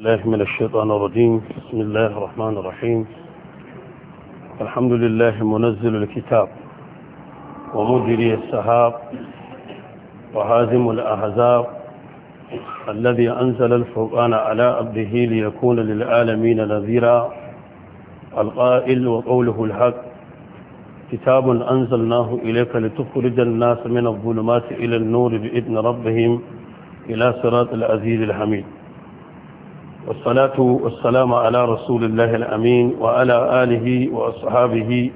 الله من الشيطان الرجيم بسم الله الرحمن الرحيم الحمد لله منزل الكتاب ومجري السحاب وهازم الأحزاب الذي أنزل الفرقان على أبده ليكون للعالمين نذيرا القائل وقوله الحق كتاب أنزلناه إليك لتخرج الناس من الظلمات إلى النور بإذن ربهم إلى صراط العزيز الحميد والصلاة والسلام على رسول الله الأمين وعلى آله وأصحابه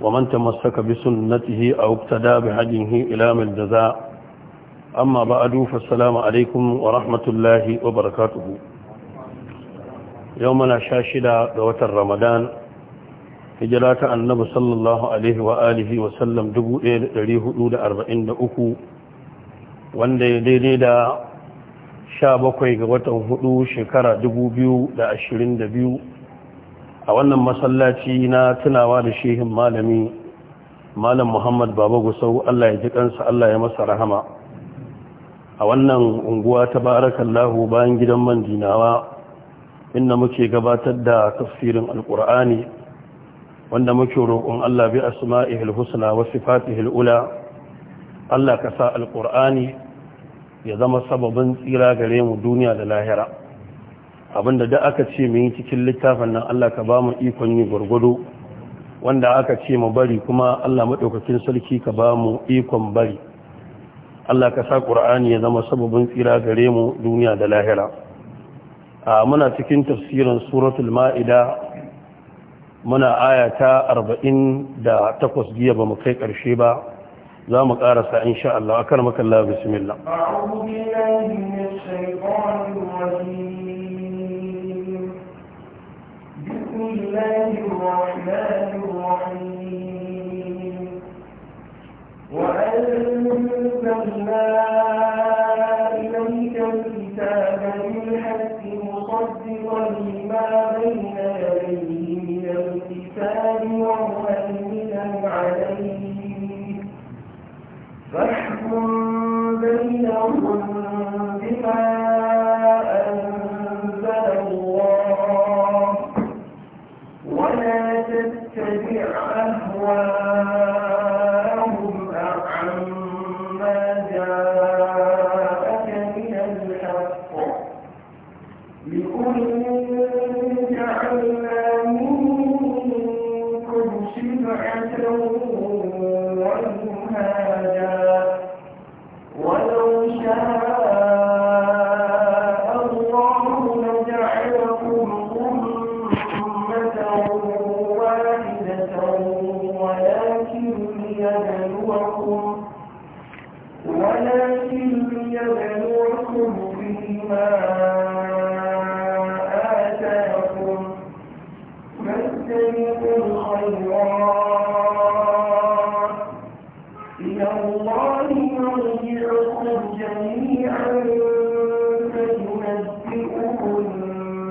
ومن تمسك بسنته أو ابتدى بهديه إلى من الجزاء أما بعد فالسلام عليكم ورحمة الله وبركاته يومنا شاشدا دوة رمضان هجرات النبي صلى الله عليه وآله وسلم دبو إليه أربعين أكو وان دي دي دا 17 ga watan hudu shekara 2022 a wannan masallaci na tunawa da shehin malami malam muhammad baba gusau allah ya ji kansa allah ya masa rahama a wannan unguwa ta barakallahu bayan gidan man dinawa inda muke gabatar da tafsirin alkur'ani wanda muke roƙon allah bi asma'ihil husna wa sifatihil ula allah ka sa alkur'ani ya zama sababin tsira gare mu duniya da lahira abinda da aka ce mu yi cikin littafin nan Allah ka ba mu ikon yi gwargwado wanda aka ce mu bari kuma Allah maɗaukakin sarki ka ba mu ikon bari Allah ka sa ƙur'ani ya zama sababin tsira gare mu duniya da lahira a muna cikin tafsirin suratul ma'ida muna aya ta takwas jiya ba mu kai ƙarshe ba لا مقارسة إن شاء الله أكرمك الله بسم الله أعوذ بالله من الشيطان الرجيم بسم الله الرحمن الرحيم وأنزلنا إليك الكتاب بالحق مصدقا لما بين فاحكم بينهم بما أنزل الله ولا تتبع أهواءهم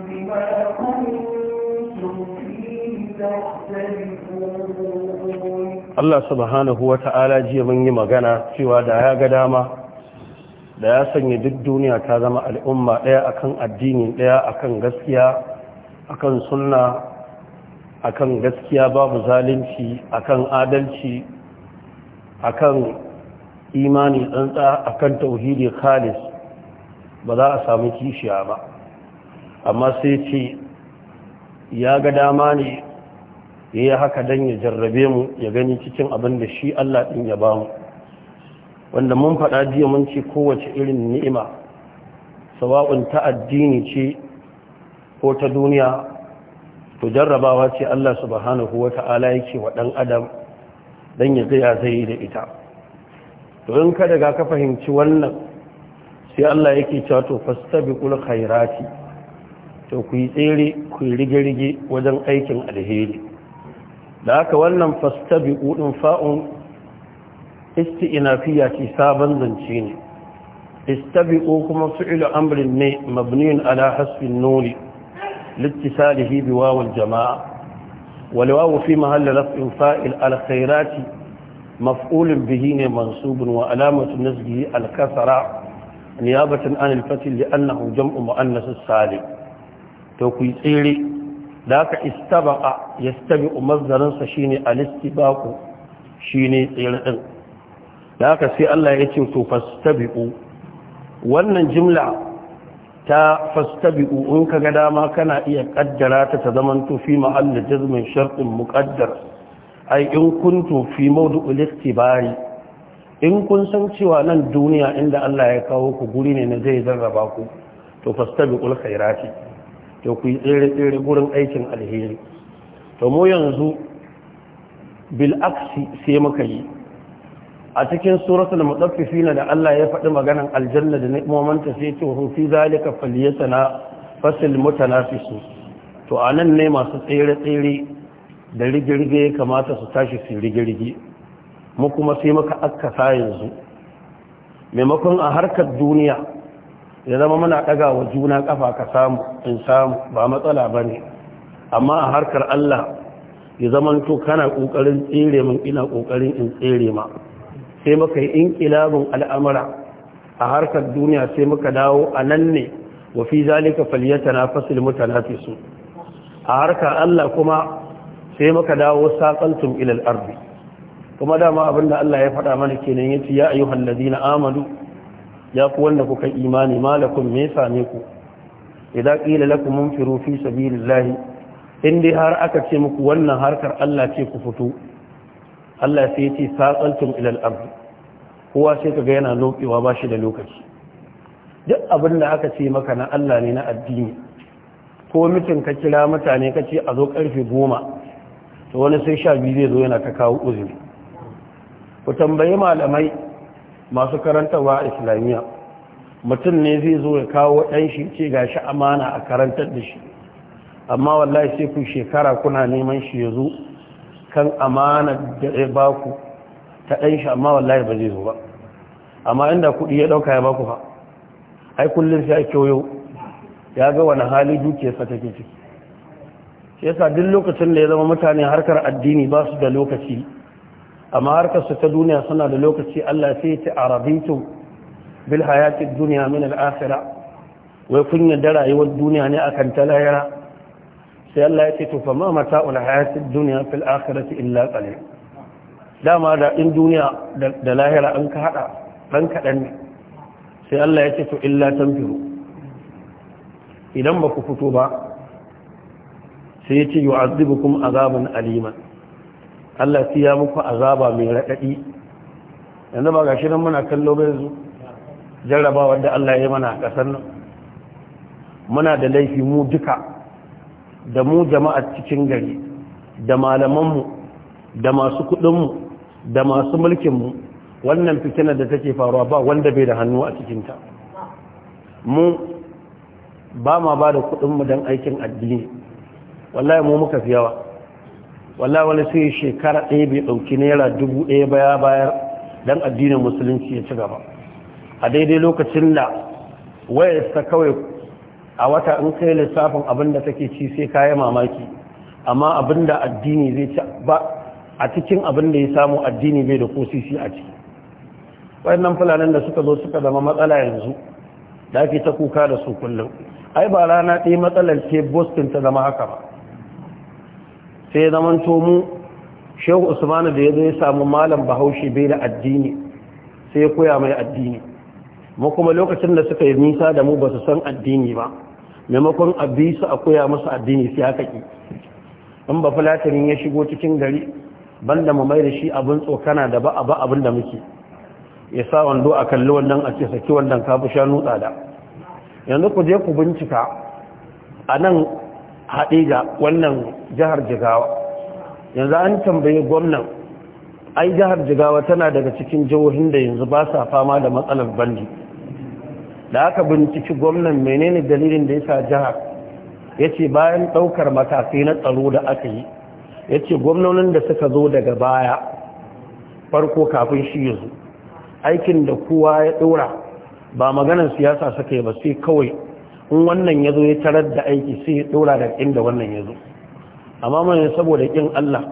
بما كنتم فيه تختلفون Allah subhanahu wa ta'ala jiya mun yi magana cewa da ya ga dama da ya sanya duk duniya ta zama al'umma ɗaya akan addini ɗaya akan gaskiya akan sunna akan gaskiya babu zalunci akan adalci akan imani tsantsa akan tauhidi khalis ba za a samu kishiya ba amma sai ce ya ga dama ne ya yi haka don ya jarrabe mu ya gani cikin abin da shi Allah ɗin ya ba mu wanda mun faɗa jiya mun ce kowace irin ni'ima sawa'un ta addini ce ko ta duniya to jarrabawa ce Allah subhanahu wa ta'ala yake wa ɗan adam don ya zai zai da ita to in ka daga ka fahimci wannan sai Allah yake cewa to fastabiqul khairati to ku yi tsere ku yi rige-rige wajen aikin alheri da haka wannan fastabiqu ɗin fa'un isti'nafiya ce sabon zance ne istabiqu kuma fi'lu amrin ne mabniyun ala hasbin nuri littisalihi bi wawul jama'a wal wawu fi mahalli raf'in fa'il al mafulin bihi ne mansubun wa alamatu nasbihi al kasra niyabatan an al-fath li'annahu jam'u muannas salim to ku tsere da haka istabaqa yastabi'u mazdarin sa shine al-istibaqu shine tsere din da haka sai Allah ya ce to fastabiqu wannan jimla ta fastabi'u in kaga dama kana iya kaddara ta ta zaman to fi mahall jazmin shartin muqaddar ay in kuntu fi mawdu'il istibari in kun san cewa nan duniya inda Allah ya kawo ku guri ne na zai zarraba ku to fastabiqul khairati to ku yi tsere tsere gurin aikin alheri to mu yanzu bil aksi sai muka yi a cikin suratul mutaffifin da Allah ya faɗi maganan aljanna da ni'imomanta sai ce hu fi zalika falyatana fasil mutanafisu to anan ne masu tsere tsere da rigirge kamata su tashi su rigirge mu kuma sai muka akkasa yanzu maimakon a harkar duniya ya zama muna ɗaga wa juna ƙafa ka samu in samu ba matsala ba ne amma a harkar Allah ya zama to kana ƙoƙarin tsere min ina ƙoƙarin in tsere ma sai muka in kilabun al'amara a harkar duniya sai muka dawo a nan ne wa fi zalika falyatanafasul na su a harkar Allah kuma sai muka dawo saƙaltum ilal ardi kuma dama abinda Allah ya faɗa mana kenan ya yace ya ayyuhal ladina Amadu, ya ku wanda kuka imani malakun me same ku idan qila lakum munfiru fi sabilillahi in dai har aka ce muku wannan harkar Allah ce ku fito Allah sai yace saqaltum ilal ard kowa sai kaga yana lokewa ba shi da lokaci duk abin da aka ce maka na Allah ne na addini ko mutum ka kira mutane ka ce a zo karfe goma to wani sai sha biyu zai zo yana ta kawo uzuri ku tambayi malamai masu karantarwa islamiyya mutum ne zai zo ya kawo ɗan shi ce ga shi amana a karantar da shi amma wallahi sai ku shekara kuna neman shi ya zo kan amana da ya ba ku ta ɗan shi amma wallahi ba zai zo ba amma inda kuɗi ya ɗauka ya ba ku fa ai kullum sai a yau ya ga wani hali dukiyarsa take ciki shi yasa duk lokacin da ya zama mutane harkar addini ba su da lokaci amma harkar su ta duniya suna da lokaci Allah sai ta arabitu bil hayatid dunya min al akhirah wai kun yarda rayuwar duniya ne akan ta lahira sai Allah ya ce to fa ma mata'ul hayatid dunya fil akhirati illa qalil dama da in duniya da lahira an ka hada dan kadan ne sai Allah ya ce to illa tanfiru idan ba ku fito ba sai ya ce yu'azzibukum azaban aliman Allah ya muku azaba mai raɗaɗi yanzu ba ga shi nan muna kallo bai zu jarraba wanda Allah ya yi mana a ƙasar nan muna da laifi mu duka da mu jama'a cikin gari da malamanmu da masu kuɗinmu da masu mulkinmu wannan fitina da take faruwa ba wanda bai da hannu a cikinta mu ba ma ba da kuɗinmu don aikin addini wallahi mu muka fi yawa walla wani sai shekara ɗaya bai ɗauki naira dubu ɗaya baya bayar don addinin musulunci ya ci gaba a daidai lokacin da wayarsa kawai a wata in kai lissafin abin da take ci sai kayan mamaki amma abin da addini zai ci ba a cikin abin da ya samu addini bai da ko sisi a ciki wayannan fulanin da suka zo suka zama matsala yanzu da ake ta kuka da su kullum ai ba rana ɗaya matsalar ke boston ta zama haka ba sai zaman mu shehu usmanu da ya zo ya samu malam bahaushe bai da addini sai ya koya mai addini mu kuma lokacin da suka yi nisa da mu ba su san addini ba maimakon abisu su a koya musu addini sai haka ki in ba ya shigo cikin gari banda mu mai da shi abin tsokana da ba a ba abin da muke ya sa wando a kalli wannan a ce saki wannan kafi shanu tsada yanzu ku je ku bincika a nan haɗe da wannan jihar jigawa yanzu an tambaye gwamnan ai jihar jigawa tana daga cikin jihohin da yanzu ba sa fama da matsalar bandi da aka binciki gwamnan menene dalilin da ya sa jihar ya ce bayan ɗaukar matafi na tsaro da aka yi ya ce gwamnonin da suka zo daga baya farko kafin shi yanzu aikin da kowa ya ɗora ba maganar siyasa suka yi ba sai kawai in wannan ya zo ya tarar da aiki sai ya dora da inda wannan ya zo amma mai saboda kin Allah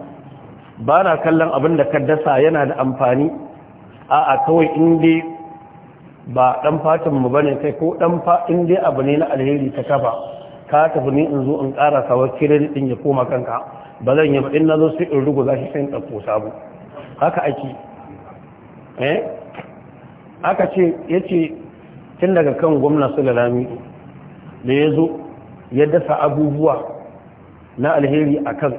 ba na kallon abin da kaddasa yana da amfani a a kawai inda ba ɗan fatinmu ba ne kai ko ɗan fa dai abu ne na alheri ta kafa ka tafi ni in zo in ƙara sawar kirin din ya koma kanka ba zan yi ba. in nazo sai in rugu za shi sai in ɗauko sabu haka ake eh aka ce ya tun daga kan gwamna su lami. da ya zo ya dasa abubuwa na alheri a kan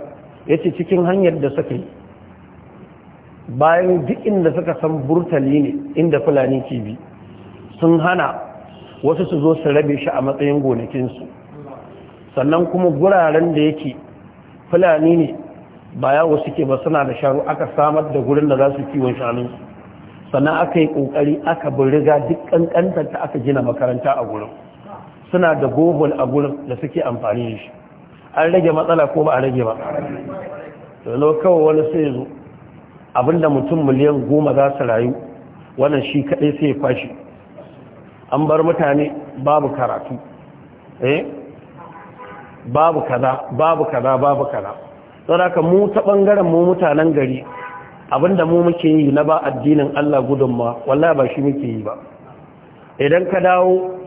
ya ce cikin hanyar da suka yi bayan duk inda suka san burtali ne inda fulani ke bi sun hana wasu su zo su rabe shi a matsayin gonakinsu sannan kuma guraren da yake fulani ne ba yawo suke ba suna da sharu aka samar da gurin da za su kiwon shanunsu sannan aka yi ƙoƙari aka bin riga duk ƙanƙantar ta aka gina makaranta a gurin suna da gobul a gurin da suke amfani da shi an rage matsala ko ba a rage ba dono kawai wani sai zo abinda mutum miliyan goma za su rayu wannan shi kaɗai sai ya kwashi an bar mutane babu karatu eh babu kaza babu kaza babu kaza don haka mu ta ɓangaren mu mutanen gari abinda mu muke yi na ba addinin Allah gudunma wallahi ba shi muke yi ba idan ka dawo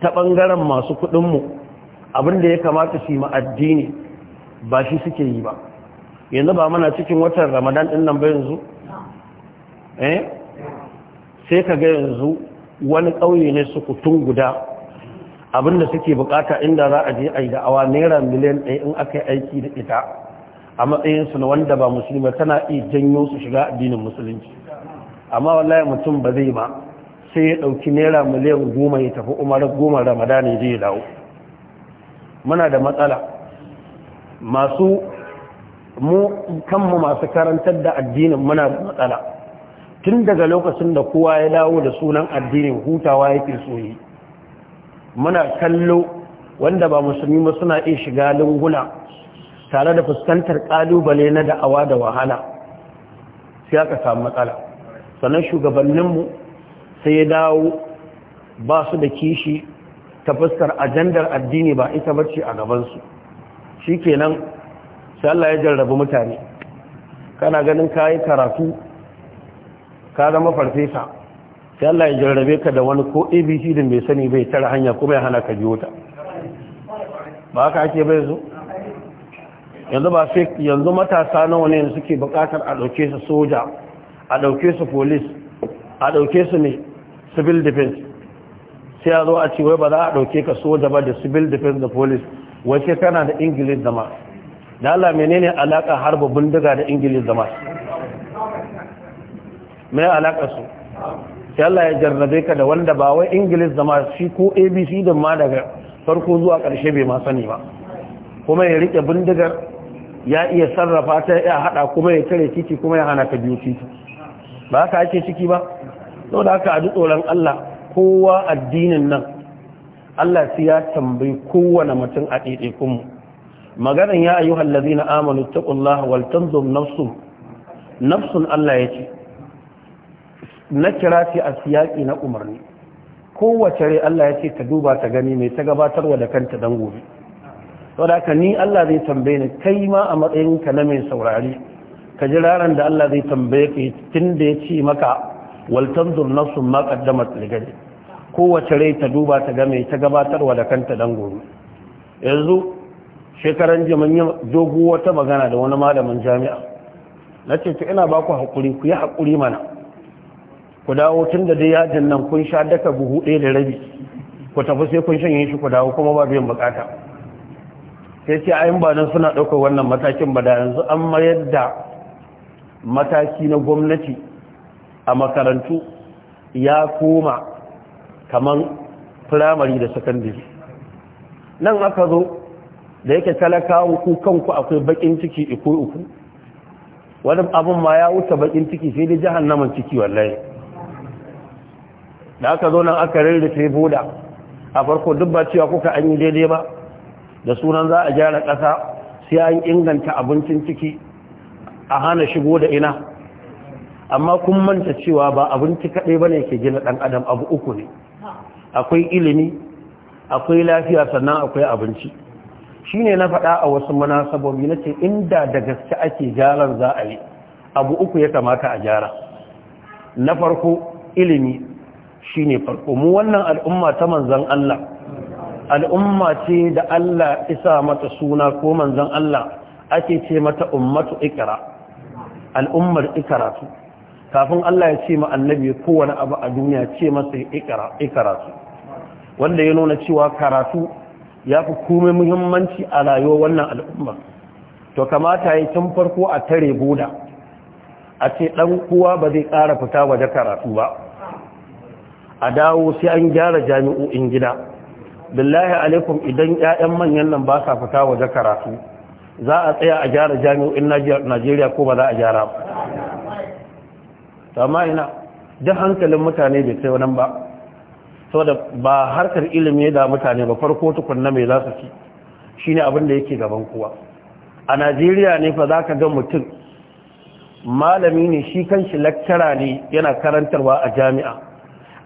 ta ɓangaren masu kuɗinmu da ya kamata su yi addini ba shi suke yi ba yanzu ba mana cikin watan ramadan ɗin nan ba yanzu eh sai ka ga yanzu wani ƙauye ne su kutun guda abin da suke bukata inda za a je a yi da'awa naira miliyan ɗaya in aka yi aiki da ita a matsayinsu na wanda ba musulmi tana iya janyo su shiga addinin musulunci amma wallahi mutum ba zai ba sai ya ɗauki naira miliyan goma ya tafi umar goma ramadani zai dawo muna da matsala masu mu kanmu masu karantar da addinin muna da matsala tun daga lokacin da kowa ya dawo da sunan addinin hutawa ya yake soyi muna kallo wanda ba musulmi ba suna iya shiga lunguna tare da fuskantar kalubale na da'awa da wahala sai aka samu matsala sannan shugabanninmu sai ya dawo ba su da kishi ta fuskar ajandar addini ba ita bace a gabansu shi kenan sai Allah ya jarrabu mutane kana ganin ka yi karatu ka zama farfesa sai Allah ya jarrabe ka da wani ko abc da mai sani bai tara hanya kuma ya hana ka biyo ta ba ka ake bai zo yanzu ba sai yanzu matasa nawa ne suke bukatar a dauke su soja a dauke su polis a dauke su ne civil defense sai a zo a ce wai ba za a ɗauke ka soja ba da civil defense da police wai kana da ingilis da ma da Allah menene alaka harba bindiga da ingilis da mai alaka su sai Allah ya jarrabe ka da wanda ba wai ingilis zama shi ko abc din ma daga farko zuwa ƙarshe bai ma sani ba kuma ya rike bindigar ya iya sarrafa ta ya hada kuma ya tare titi kuma ya hana ka biyu titi ba ka ake ciki ba saboda da a duk tsoron Allah kowa addinin nan Allah su ya tambayi kowane mutum a ɗaiɗaikun mu Maganin ya ayyuhal amalu ta taqullaha waltan tanzur nafsun nafsun Allah ya ce. na kira ce a siyaki na umarni kowace rai Allah ya ce ta duba ta gani mai ta gabatarwa da kanta don gobe saboda aka ni Allah zai tambaye ni kai ma a matsayin ka na mai saurari ka ji raran da Allah zai tambaye ka tun da ya ce maka wal tanzur nafsun ma qaddamat ligadi kowace rai ta duba ta ga mai ta gabatarwa da kanta dan gobe yanzu shekaran jimin dogo wata magana da wani malamin jami'a na ce ta ina baku hakuri ku yi hakuri mana ku dawo tun da dai yajin nan kun sha daka buhu ɗaya da rabi ku tafi sai kun shanye shi ku dawo kuma ba biyan bukata sai ce ayin ba nan suna ɗaukar wannan matakin ba da yanzu an mayar da mataki na gwamnati a makarantu ya koma kaman firamare da sakandare nan aka zo da yake talakawa ku kanku akwai bakin ciki iku uku wani abin ma ya wuce bakin ciki sai dai naman ciki wallaye da aka zo nan aka rarrafe boda a farko duk ba cewa kuka an yi daidai ba da sunan za a gyara ƙasa sai an inganta abincin ciki a hana shigo da ina amma kun manta cewa ba abinci kaɗai ba ne ke gina ɗan adam abu uku ne akwai ilimi akwai lafiya sannan akwai abinci shi ne na faɗa a wasu saboda na ce inda da gaske ake gyaran za a yi abu uku ya kamata a gyara na farko ilimi shi ne farko mu wannan al'umma ta manzan Allah al'umma ce da Allah isa mata suna ko manzan Allah ake ce mata ummatu ikra al'ummar ikaratu kafin Allah ya ce ma annabi kowane abu a duniya ce masa ikara su wanda ya nuna cewa karatu ya fi kome muhimmanci a rayuwar wannan al'umma to kamata ya tun farko a tare boda a ce ɗan kowa ba zai ƙara fita waje karatu ba a dawo sai an gyara jami'o'in gida billahi alaikum idan 'ya'yan manyan nan ba sa fita waje karatu za a tsaya a gyara jami'o'in najeriya ko ba za a gyara ba amma ina duk hankalin mutane bai sai wannan ba da ba harkar ilimi da mutane ba farko tukunna mai za su ci shine abin da yake gaban kuwa. a Najeriya ne fa zaka ga mutum malami ne shi kanshi lakkara ne yana karantarwa a jami'a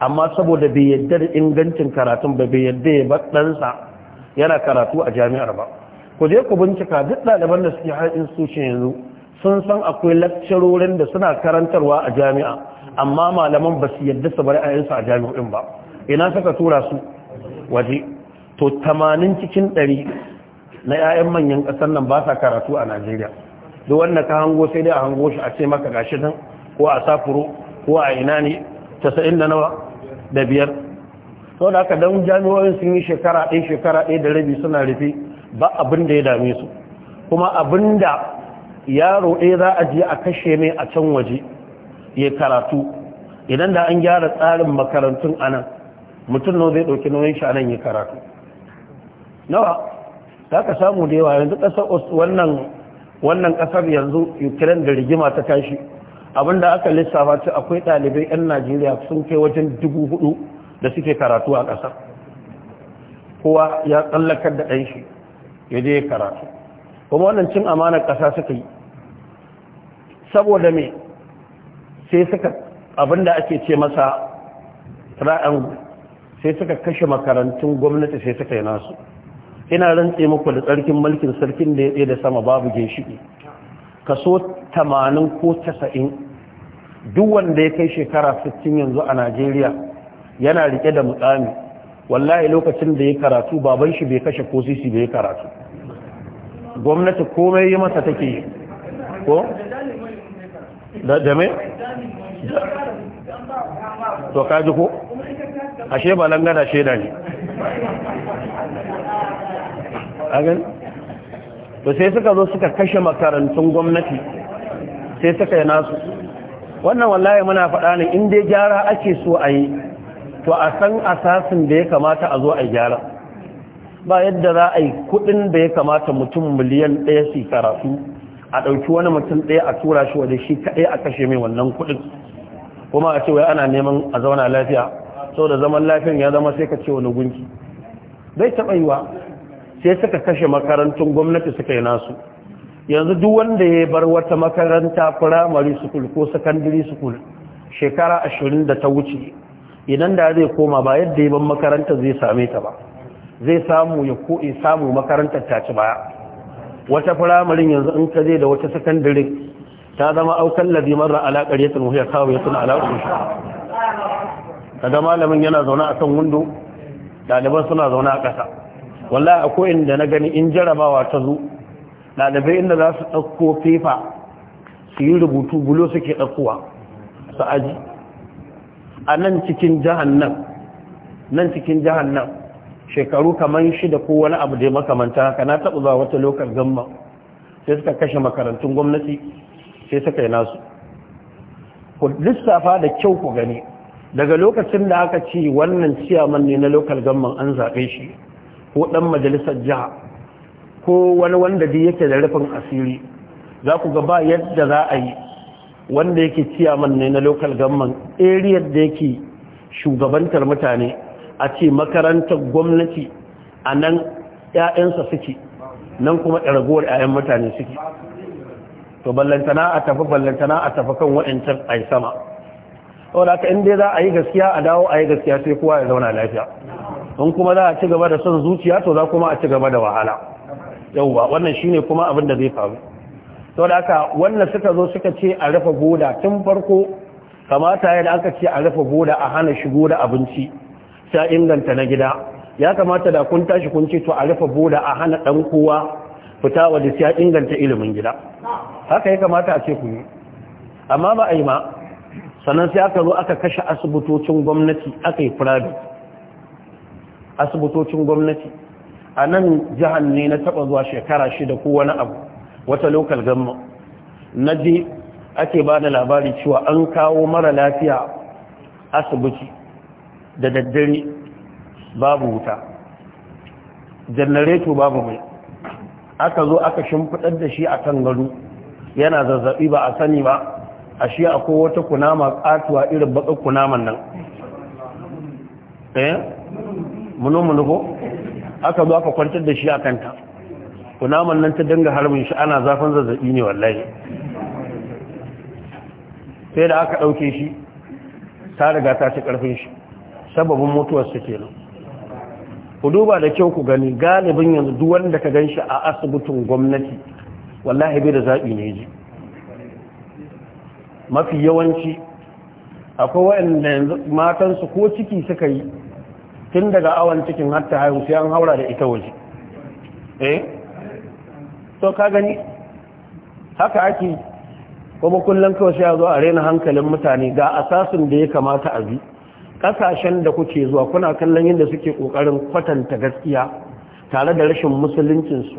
amma saboda bai yadda da ingancin karatun ba bai yadda ya ba ɗansa yana karatu a jami'ar ba ku je ku bincika duk ɗaliban da suke har in institution yanzu sun san akwai lakcarorin da suna karantarwa a jami'a amma malaman ba su yadda su bari ayyansu a jami'o'in ba ina suka tura su waje to 80 cikin 100 na 'ya'yan manyan ƙasar nan ba sa karatu a najeriya duk wanda ka hango sai dai a hango shi a ce maka gashi nan ko a safuro ko a ina ne 90 da nawa da biyar sau da aka don jami'o'in sun yi shekara ɗaya shekara ɗaya da rabi suna rufe ba abin da ya dame su kuma abin da yaro ɗaya za a je a kashe mai a can waje ya karatu idan da an gyara tsarin makarantun anan mutum na zai ɗauki nauyin shi anan ya karatu nawa za ka samu da yawa yanzu ƙasar wannan wannan ƙasar yanzu ukraine da rigima ta tashi abinda aka lissafa ce akwai ɗalibai 'yan najeriya sun kai wajen dubu hudu da suke karatu a ƙasar kowa ya tsallakar da ɗanshi ya je karatu kuma wannan cin amanar ƙasa suka yi saboda me sai suka abinda ake ce masa ra'an sai suka kashe makarantun gwamnati sai suka yi nasu ina rantse muku da tsarkin mulkin sarkin da ya tsaye da sama babu ginshiki kaso 80 ko 90 duk wanda ya kai shekara 60 yanzu a Najeriya yana rike da mutsami wallahi lokacin da ya karatu baban shi bai kashe ko sisi bai karatu gwamnati komai yi masa take ko da jame to kaji ko ashe ba langana shaida ne agan to sai suka zo suka kashe makarantun gwamnati sai suka yi nasu wannan wallahi muna faɗa ne in dai gyara ake so a yi to a san asasin da ya kamata a zo a gyara ba yadda za a yi kudin da ya kamata mutum miliyan ɗaya su karatu a ɗauki wani mutum ɗaya a tura shi waje shi kaɗai a kashe mai wannan kuɗin kuma a ce wai ana neman a zauna lafiya saboda zaman lafiyan ya zama sai ka ce wani gunki Zai taɓa yiwa sai suka kashe makarantun gwamnati suka yi nasu yanzu duk wanda ya bar wata makaranta firamare sukul ko sakandare sukul shekara ashirin da ta wuce idan da zai koma ba yadda ya ban makarantar zai same ta ba zai samu ya ko samu makarantar ta ci baya wata firamarin yanzu in ka je da wata sakandare ta zama aukan ladi marar alaƙar wuya kawo ya suna alaƙar shi kada malamin yana zaune a kan windo ɗaliban suna zaune a ƙasa wallahi a ko'in da na gani in jarabawa ta zo ɗalibai inda za su ɗauko fefa su yi rubutu bulo suke ɗaukowa su aji a nan cikin jahannan nan cikin jahannan shekaru kamar shida ko wani abu da makamanta haka na taɓa zuwa wata lokar gamma sai suka kashe makarantun gwamnati sai suka yi nasu ku lissafa da kyau ku gani daga lokacin da aka ci wannan ciyaman ne na lokal gamman an zaɓe shi ko ɗan majalisar jiha ko wani wanda da yake da rufin asiri za ku gaba yadda za a yi wanda yake ciyaman ne na lokal gamman ariyar da yake shugabantar mutane a ce makarantar gwamnati a nan 'ya'yansa suke nan kuma ɗaragowar 'ya'yan mutane suke to ballantana a tafi ballantana a tafi kan wa’yancin a yi sama saboda haka inda za a yi gaskiya a dawo a yi gaskiya sai kowa ya zauna lafiya in kuma za a ci gaba da son zuciya to za kuma a ci gaba da wahala yauwa wannan shine kuma abin da zai faru saboda haka wannan suka zo suka ce a rufe goda tun farko kamata yadda aka ce a rufe goda a hana shigo da abinci ta inganta na gida ya kamata da kun tashi kun ce to a rufe boda a hana dan kowa fita waje sai ya inganta ilimin gida haka ya kamata a ce ku yi amma ba a yi ma sannan sai aka zo aka kashe asibitocin gwamnati aka yi private asibitocin gwamnati a nan jihar ne na taba zuwa shekara shida ko wani abu wata lokal gamma na ji ake ba da labari cewa an kawo mara lafiya asibiti da daddare babu wuta janareto babu mai aka zo aka shimfiɗar da shi a kan gado yana zazzaɓi ba a sani ba a shi akwai wata kunama katuwa irin baka kunaman nan eh muno ko aka zo aka kwantar da shi a kanta kunaman nan ta dinga harbin shi ana zafin zazzabi ne wallahi sai da aka ɗauke shi ta riga ta ci ƙarfin shi sababin mutuwarsa nan, ku duba da kyau ku gani galibin yanzu duwan wanda ka gan shi a asibitin gwamnati wallahi bai da zaɓi ne ji mafi yawanci akwai waɗanda yanzu matansu ko ciki suka yi tun daga awon cikin hatta haihu sai an haura da ita waje eh to ka gani haka ake kuma kullum kawai sai a zo a rena hankalin mutane ga asasin da ya kamata a bi ƙasashen da kuke zuwa kuna kallon yadda suke ƙoƙarin kwatanta gaskiya tare da rashin musuluncinsu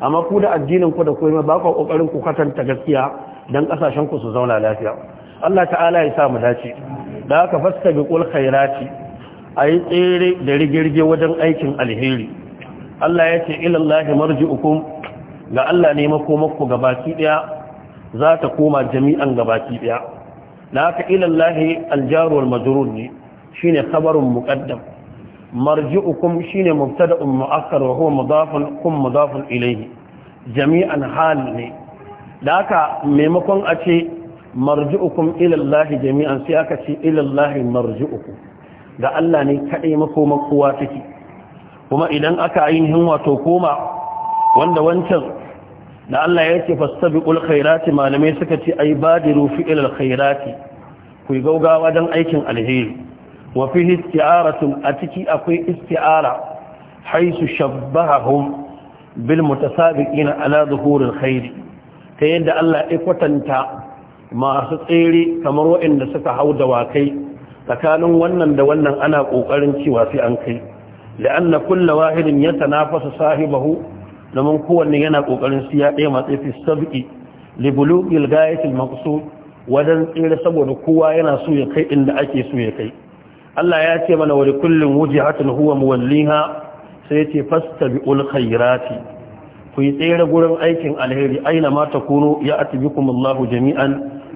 amma ku da addinin ku da kuma ba ku ƙoƙarin ku kwatanta gaskiya dan don ku su zauna lafiya Allah ta'ala ya sa mu dace da aka fasta bi kul khairati a tsere da rigirge wajen aikin alheri Allah ya ce ilallahi marji'ukum ga Allah ne makomakku gabaki ɗaya za ta koma jami'an gabaki ɗaya da haka ilallahi aljaruwar majrur ne shine khabarun muqaddam marji'ukum shine mubtada'un mu'akkar wa huwa mudafun kum mudafun ilayhi jami'an hal ne da haka maimakon a ce marji'ukum ila Allah jami'an sai aka ce ila Allah marji'ukum da Allah ne kadai makoma kowa take kuma idan aka ainihin wato koma wanda wancan da Allah ya ce fastabiqul khairati malamai suka ce ai badiru fi ila alkhairati ku gaugawa dan aikin alheri wa fihi isti'aratun a ciki akwai isti'ara haisu shabbahahum bil mutasabiqina ala zuhuril khair ta yadda Allah ya kwatanta masu tsere kamar waɗanda suka hau da wakai tsakanin wannan da wannan ana ƙoƙarin cewa sai an kai la'anna kullu wahidin fasa sahibahu domin kowanne yana ƙoƙarin siya ɗaya matsayi fi sabqi li bulughil ghayati maqsud wadan tsere saboda kowa yana so ya kai inda ake so ya kai Allah ya ce mana wani kullum wujihatun huwa muwalliha sai ya ce fastabi'ul biul ku yi tsere gurin aikin alheri aina ma kunu ya atibikum Allah jami'an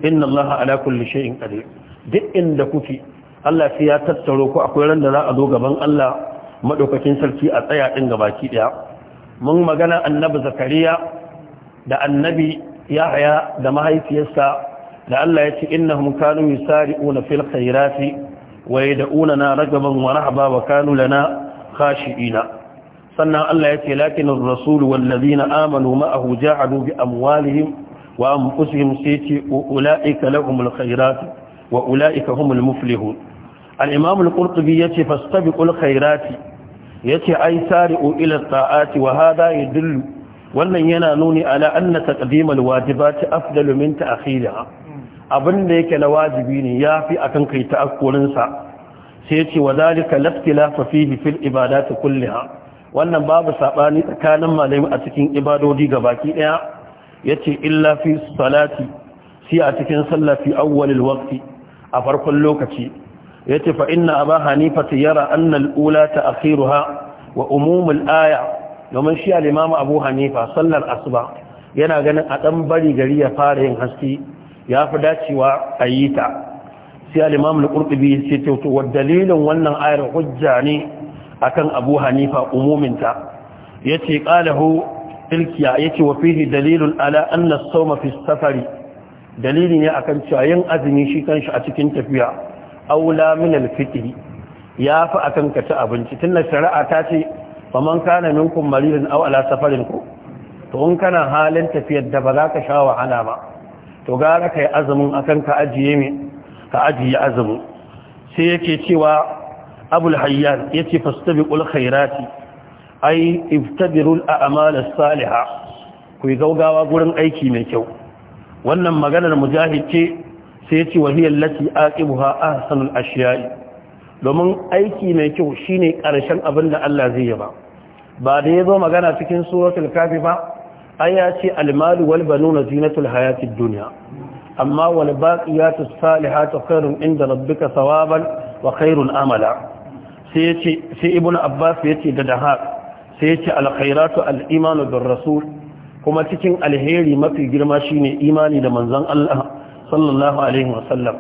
inna Allah ala kulli shay'in qadir duk inda kuke Allah sai ya tattaro ku akwai ran da za a zo gaban Allah madaukakin sarki a tsaya din gabaki daya mun magana annabi zakariya da annabi yahaya da mahaifiyarsa da Allah ya ce innahum kanu yusari'una fil khairati wa na ragaban wa rahaba wa kanu lana khashi'ina sannan Allah yace lakinan rasulu rasul amanu ma'ahu jahadu bi amwalihim wa anfusihim sayti ulaika lahumul khairat wa ulaika humul muflihun al-imam al-qurtubi yace fastabiqul khairati yace ay sari'u ila at-ta'ati wa hadha yadullu wannan yana nuni ala anna taqdimal wajibati afdalu min ta'khiriha abin da yake na wajibi ne ya fi akan kai ta akkorinsa sai ce wa zalika laftila fa fihi fil ibadati kulliha wannan babu sabani tsakanin malami a cikin ibadodi gabaki daya yace illa fi salati sai a cikin sallah fi awwalil waqti a farkon lokaci yace fa inna aba hanifa yara anna al-ula ta'khiruha wa umum al-aya domin shi al-imam abu hanifa sallar asuba yana ganin a dan bari gari ya fara yin haske ya fi dacewa a yi ta sai al-imam al-qurtubi sai to wa dalilin wannan ayar hujja ne akan abu hanifa umuminta Ya yace ƙalahu ilkiya ce wa fihi dalilun ala an na sawma mafi safari dalili ne akan cewa yin azumi shi kanshi a cikin tafiya aula min al ya fi akan ka ci abinci da shari'a ta ce faman kana minkum maridan au ala safarin ku to in kana halin tafiyar da ba za ka sha wahala ba to gara ka yi azumin akan ka ajiye mai ka ajiye azumin sai yake cewa abul hayyar ya ce fastabiqul khairati ai iftabirul a amalar Saliha, ku gaugawa gurin aiki mai kyau wannan maganar mujahid ce sai ya ce wahiyar lati aqibuha ahsanul ashiya'i domin aiki mai kyau shine karshen abin da Allah zai yaba ba da yazo magana cikin suratul kafi ba ai ya ce almalu walba nuna zinatul hayatid duniya, amma wal baqiyatus salihatu khairun inda rabbika thawaban wa kairun amala sai yace Abbas ibnu abbas yace da dahaq sai yace al khairatu al imanu rasul kuma cikin alheri mafi girma shine imani da manzan Allah sallallahu alaihi wasallam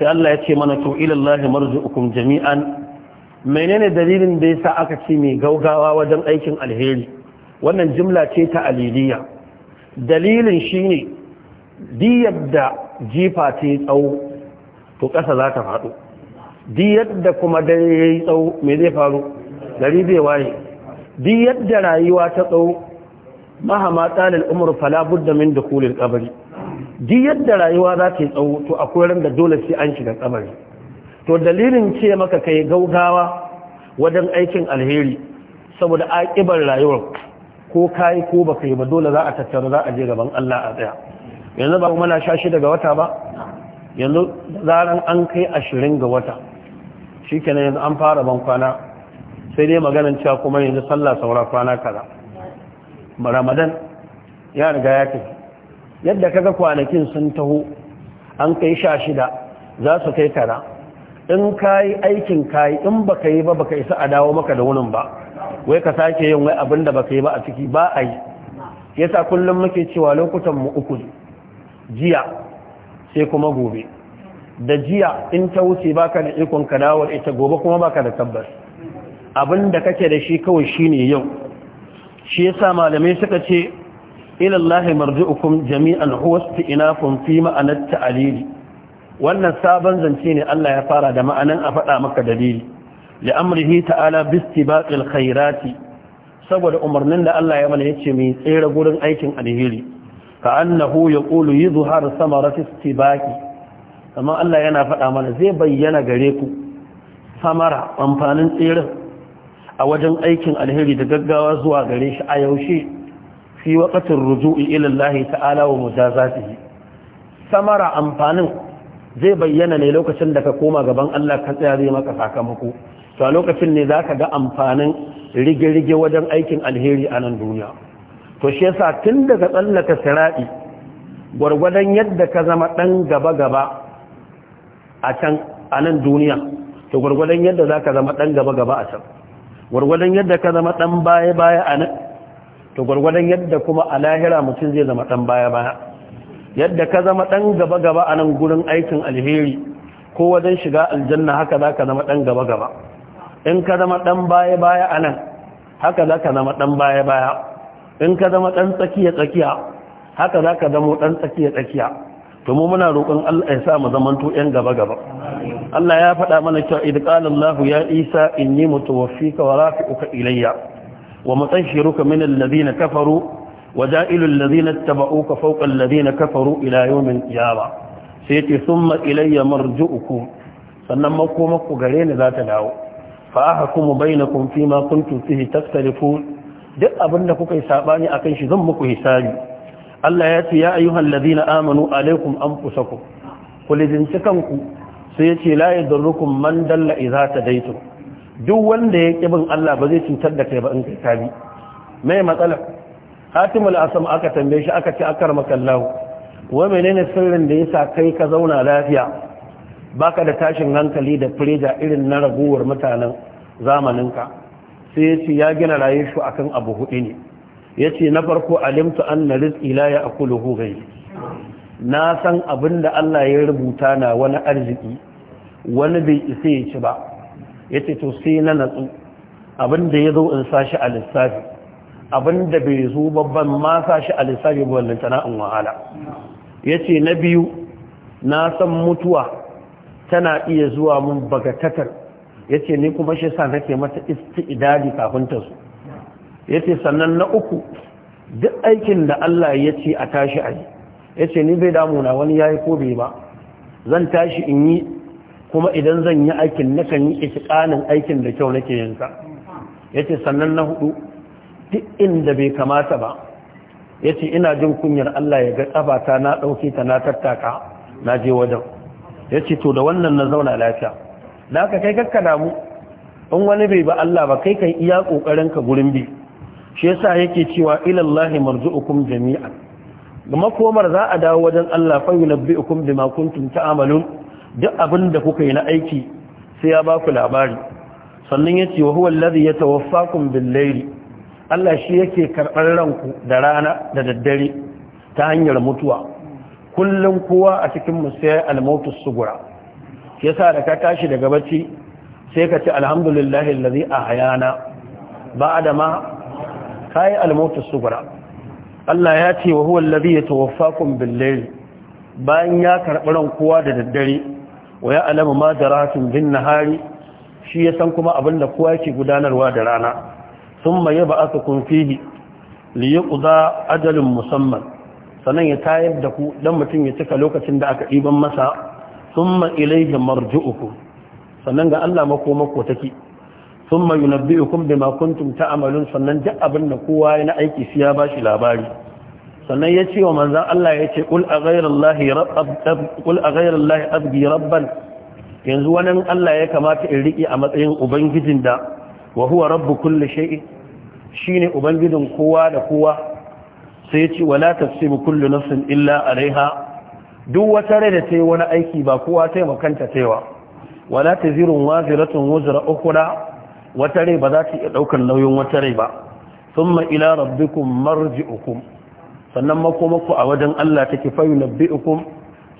sai Allah ya ce mana to ila Allah jami'an menene dalilin da yasa aka ce mai gaugawa wajen aikin alheri wannan jimla ce ta aliliya dalilin shi diyar yadda jifa ta yi tsawo to ƙasa za ta faɗo diyar kuma dare ya yi tsawo mai zai faru gari zai waye diyar da rayuwa ta tsawo mahama tsalin umar falabud da min da kulin kabari rayuwa za ta yi tsawo to akwai ran da dole sai an shiga kabari to dalilin ce maka kai gaugawa wajen aikin alheri saboda aƙibar rayuwar ko kayi ko ba kai ba dole za a tattara za a je gaban Allah a tsaya yanzu ba muna sha shi daga wata ba yanzu zaran an kai ashirin ga wata shi kenan yanzu an fara ban kwana sai dai maganin cewa kuma yanzu sallah saura kwana kaza ramadan ya riga ya kai yadda kaga kwanakin sun taho an kai sha shida za su kai kaza in kayi aikin kayi in baka yi ba baka isa a dawo maka da wurin ba wai ka sake yin wai abin da baka yi ba a ciki ba a yi yasa kullum muke cewa lokutan mu uku jiya sai kuma gobe da jiya in ta wuce baka da ikon ka dawo ita gobe kuma baka da tabbas abin da kake da shi kawai shine yau shi yasa malamai suka ce ilallahi marji ukun jami'an ina kun fi ma'anar ta'lil wannan sabon zance ne Allah ya fara da ma'anan a faɗa maka dalili li'amrihi ta'ala bistibaqil khairati saboda umarnin da Allah ya mana yace mai tsere wurin aikin alheri ka annahu yaqulu yuzhar samarati istibaqi amma Allah yana faɗa mana zai bayyana gare ku samara amfanin tsere a wajen aikin alheri da gaggawa zuwa gare shi a yaushe fi waqatir ruju'i ila Allah ta'ala wa mujazatihi samara amfanin zai bayyana ne lokacin da ka koma gaban Allah ka tsaya zai maka sakamako to a lokacin ne za ka ga amfanin rige-rige wajen aikin alheri a nan duniya to shi yasa tun daga tsallaka sira'i gwargwadon yadda ka zama ɗan gaba-gaba a can a nan duniya to gwargwadon yadda za ka zama ɗan gaba-gaba a can gwargwadon yadda ka zama ɗan baya-baya a nan to gwargwadon yadda kuma a lahira mutum zai zama ɗan baya-baya yadda ka zama ɗan gaba-gaba a nan gurin aikin alheri ko wajen shiga aljanna haka za ka zama ɗan gaba-gaba in ka zama ɗan baya baya a nan, haka za ka zama ɗan baya baya in ka zama ɗan tsakiya tsakiya haka za ka zama ɗan tsakiya tsakiya to mu muna roƙon Allah ya sa mu zamanto ƴan gaba gaba Allah ya faɗa mana cewa idh qala Allah ya Isa inni mutawaffika wa rafi'uka ilayya wa mutashiruka min alladhina kafaru wa ja'ilu alladhina ittaba'uka fawqa alladhina kafaru ila yawmin qiyamah sai ce summa ilayya marji'ukum sannan ku gare ni za ta dawo fa ahkumu bainakum ma kuntum fihi takhtalifun duk abin da kuka yi sabani akan shi zan muku hisabi Allah ya ce ya ayyuhal ladina amanu alaikum anfusakum kulidinci kanku sai ya ce la yadurrukum man dalla idza tadaitum duk wanda ya ki bin Allah ba zai cutar da kai ba in kai kabi mai matsala hatimul asam aka tambaye shi aka ce akar makallahu wa menene sirrin da yasa kai ka zauna lafiya baka da tashin hankali da fureja irin na raguwar mutanen zamaninka sai ya ce ya gina rayuwar shi akan abu hudu ne ya ce na farko alimtu an na rizki la ya akulu hugai na san abin da Allah ya rubuta na wani arziki wani bai isa ya ci ba ya ce to sai na natsu abin da ya zo in sashi a lissafi abin da bai zo babban ma sashi a lissafi ba wannan tana wahala ya ce na biyu na san mutuwa tana iya zuwa mun bagatatar ya ce ni kuma shi sa nake mata isti kafin ta su ya ce sannan na uku duk aikin da Allah ya ce a tashi a yi ya ce ni bai damuna wani ya yi ko ba zan tashi in yi kuma idan zan yi aikin na kan yi itikanin aikin da kyau nake yanka ya ce sannan na hudu duk inda bai kamata ba ya ce ina jin kunyar Allah ya ga tsabata na ɗauke ta na tattaka na je wajen ya ce to da wannan na zauna lafiya da aka kai kakka damu in wani bai ba Allah ba kai kan iya kokarin ka gurin bi shi yasa yake cewa ilallahi marzu'ukum jami'an makomar za a dawo wajen Allah fa yunabbi'ukum bima kuntum ta'malun duk abin da kuka yi na aiki sai ya ba ku labari sannan yace wa huwa alladhi yatawaffakum bil Lairi Allah shi yake karɓar ranku da rana da daddare ta hanyar mutuwa kullum kowa a cikin mu sai al sugura. sugura yasa da ka tashi daga bacci sai ka ce alhamdulillahi allazi ahyana Ba Adama ka yi mautus sugura Allah ya ce wa huwa allazi ya bil billeri bayan ya karɓi kowa da daddare wa ya alama ma daratun bin nahari shi ya san kuma abin da kowa yake gudanarwa da rana sun maye ba aka kun fihi za ajalin musamman sannan ya tayar da ku dan mutum ya cika lokacin da aka ɗiban masa thumma ilayhi marji'ukum sannan ga Allah makomako take thumma yunabbi'ukum bima kuntum ta'malun sannan duk abin da kowa ya na aiki siya bashi labari sannan ya ce wa manzan Allah ya ce ƙul a ghairallahi abdi rabban yanzu wani Allah ya kamata in riƙe a matsayin ubangijin da wa huwa rabbu kulli shay'in shine ubangijin kowa da kowa sai ce wala tafsibu kullu nafsin illa alaiha duk wata rai da ta yi wani aiki ba kowa ta yi makanta taiwa wala ta zirun waziratun wuzura ukura wata rai ba za ta iya ɗaukar nauyin wata rai ba sun ila rabbikun marji'ukum sannan makomaku a wajen Allah take fayu nabbi'ukum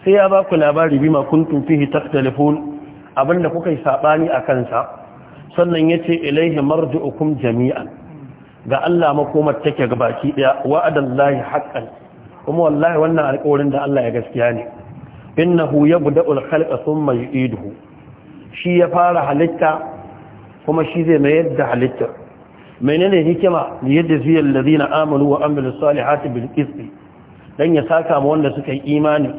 sai ya ba ku labari bima kuntum fihi takhtalifun abinda kuka yi saɓani a kansa sannan yace ilaihi marji'ukum jami'an ga Allah makomar take baki daya wa'adallahi haqqan kuma wallahi wannan alƙawarin da Allah ya gaskiya ne innahu yabda'ul khalqa thumma yu'iduhu shi ya fara halitta kuma shi zai mayar da halitta menene hikima yadda ziyar ladina amanu wa amilu salihati bil qisti dan ya saka mu wanda suka yi imani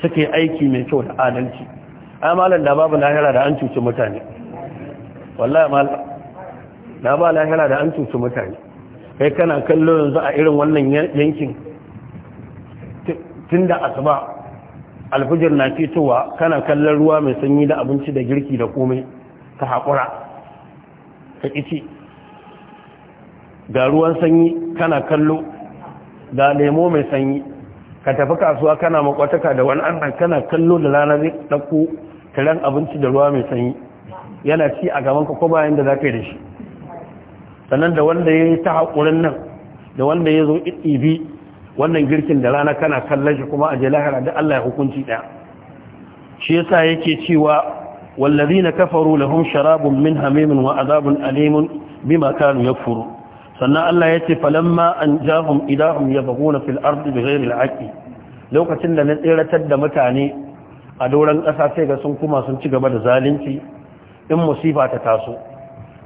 suka aiki mai kyau da adalci amalan da babu lahira da an cuci mutane wallahi da ba lahira da an cuci mutane kai kana kallo yanzu a irin wannan yankin tun da asuba alfijir na fitowa kana kallon ruwa mai sanyi da abinci da girki da komai ka haƙura ka ƙici ga ruwan sanyi kana kallo ga lemo mai sanyi ka tafi kasuwa kana makwataka da wani annan kana kallo da lana zai ɗauko karen abinci da ruwa mai sanyi yana ci a gaban ka ko bayan da za ka yi da shi sannan da wanda ya yi ta haƙurin nan da wanda ya zo ibi wannan girkin da rana kana kallon shi kuma a je lahara da Allah ya hukunci ɗaya shi yasa yake cewa na kafaru lahum sharabun min hamimin wa azabun alimun bima kanu furu sannan Allah ya ce falamma an jahum idahum yabghuna fil ardi bighairi al-haqqi lokacin da na tseratar da mutane a doron ƙasa sai ga sun kuma sun ci gaba da zalunci in musifa ta taso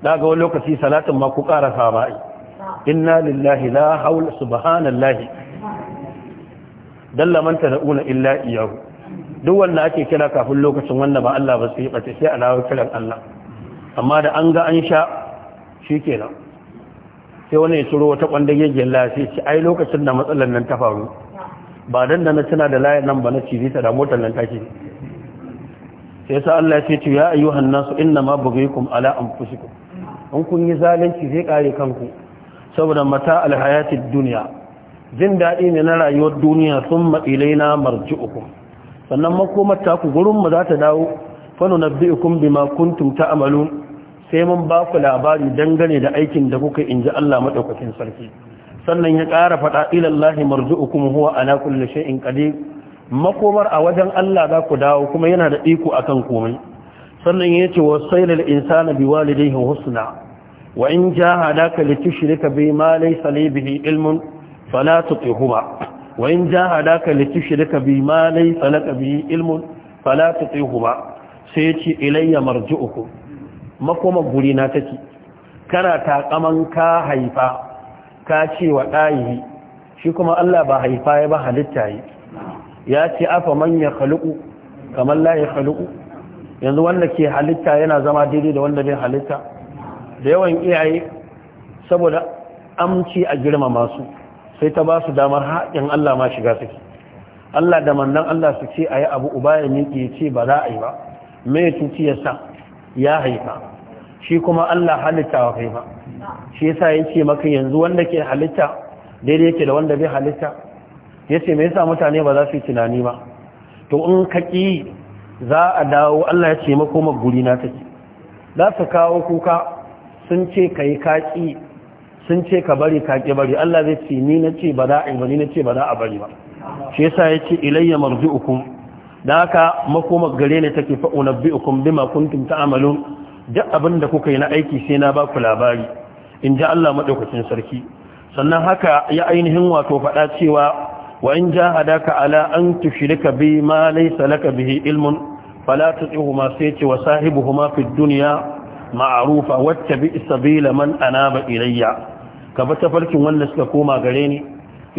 daga wani lokaci salatin ma ku karasa ba inna lillahi la haula subhanallahi dalla man tad'una illa iyyahu duk wanda ake kira kafin lokacin wanda ba Allah ba sai bace sai alawa kiran Allah amma da an ga an sha shikenan sai wani ya turo wata kwandagegen lafi ci ai lokacin da matsalar nan ta faru ba dan da na tana da layin nan ba na cibi ta da motar nan take sai sa Allah ya ce ya ayyuhan nasu inna ma bughaykum ala anfusikum in kun yi zalunci zai kare kanku saboda mata alhayatid duniya jin daɗi ne na rayuwar duniya sun maƙilai na marji'ukum sannan makomar taku gurin mu za ta dawo fano na bi bima kuntum ta'malun sai mun ba ku labari dangane da aikin da kuka inji Allah madaukakin sarki sannan ya ƙara faɗa ilallahi marji'ukum huwa ala kulli shay'in qadir makomar a wajen Allah za ku dawo kuma yana da iko akan komai sannan ya ce wasaila al-insana biwalidayhi husna wa in jahadaka litushrika bima laysa li bihi ilmun fala huma. wa in ka jahadaka ma bima laysa ka bihi ilmun fala huma. sai ya ce ilayya uku. makoma guri na ta ce kana takaman ka haifa ka ce wa ɗayi shi kuma Allah ba haifa ya ba halitta yi ya ce afa manya ya kamar la ya yanzu wanda ke halitta yana zama daidai da wanda bai halitta da yawan iyaye saboda amci a girmama su sai ta ba su damar haƙin Allah ma shiga suke Allah da mandan Allah su ce a yi abu uba ya miƙe ya ce ba za a yi ba mai tuti ya sa ya haifa shi kuma Allah halitta wa haifa ba shi yasa ya ce maka yanzu wanda ke halitta daidai yake da wanda bai halitta ya ce mai yasa mutane ba za su yi tunani ba to in ka ƙi za a dawo Allah ya ce makoma guri na take za su kawo kuka sun ce ka yi kaƙi sun ce ka bari kaki bari Allah zai ce ni na ce ba za a yi ba ni na ce ba za a bari ba shi yasa ya ce ilayya marji'ukum da haka makoma gare ne take fa unabbi'ukum bima kuntum ta'malun duk abin da kuka yi na aiki sai na ba ku labari in ji Allah madaukakin sarki sannan haka ya ainihin wato faɗa cewa wa in jahadaka ala an tushrika bi ma laysa laka bihi ilmun fala tutihuma sai ce wa sahibuhuma fid dunya ma'rufa wattabi sabila man anaba ilayya ka ba tafarkin wanda suka koma gare ni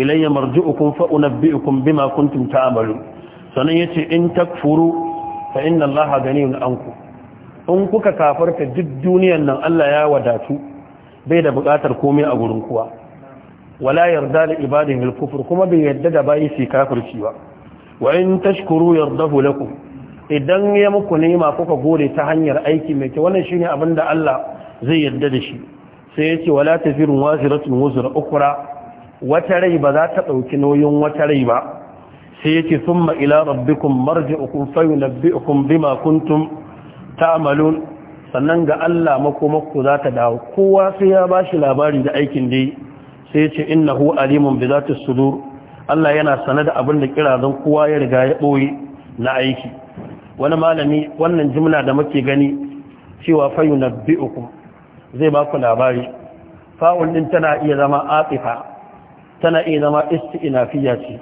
ilayya marji'ukum fa unabbi'ukum bima kuntum ta'malu sanan yace in takfuru fa inna allaha ganiyun ankum in kuka kafarta duk duniyar nan Allah ya wadatu bai da bukatar komai a gurin kuwa wala yarda da ibadihi al kufur kuma bai yarda da bayi su kafirci ba wa tashkuru idan ya muku nema kuka gode ta hanyar aiki mai kyau wannan shine abin da Allah zai yarda da shi sai yace wala tazirun waziratun wuzra ukra wata rai ba za ta dauki noyin wata rai ba sai yace thumma ila rabbikum marji'ukum fayunabbi'ukum bima kuntum ta'malun sannan ga Allah makomakku za ta dawo kowa sai ya bashi labari da aikin da yi sai ce ce innahu alimun bi zati sudur Allah yana sane da abin da kirazan kowa ya riga ya ɓoye na aiki wani malami wannan jimla da muke gani cewa fayunabbi'ukum zai ba ku labari fa'un din tana iya zama atifa tana iya zama fiya ce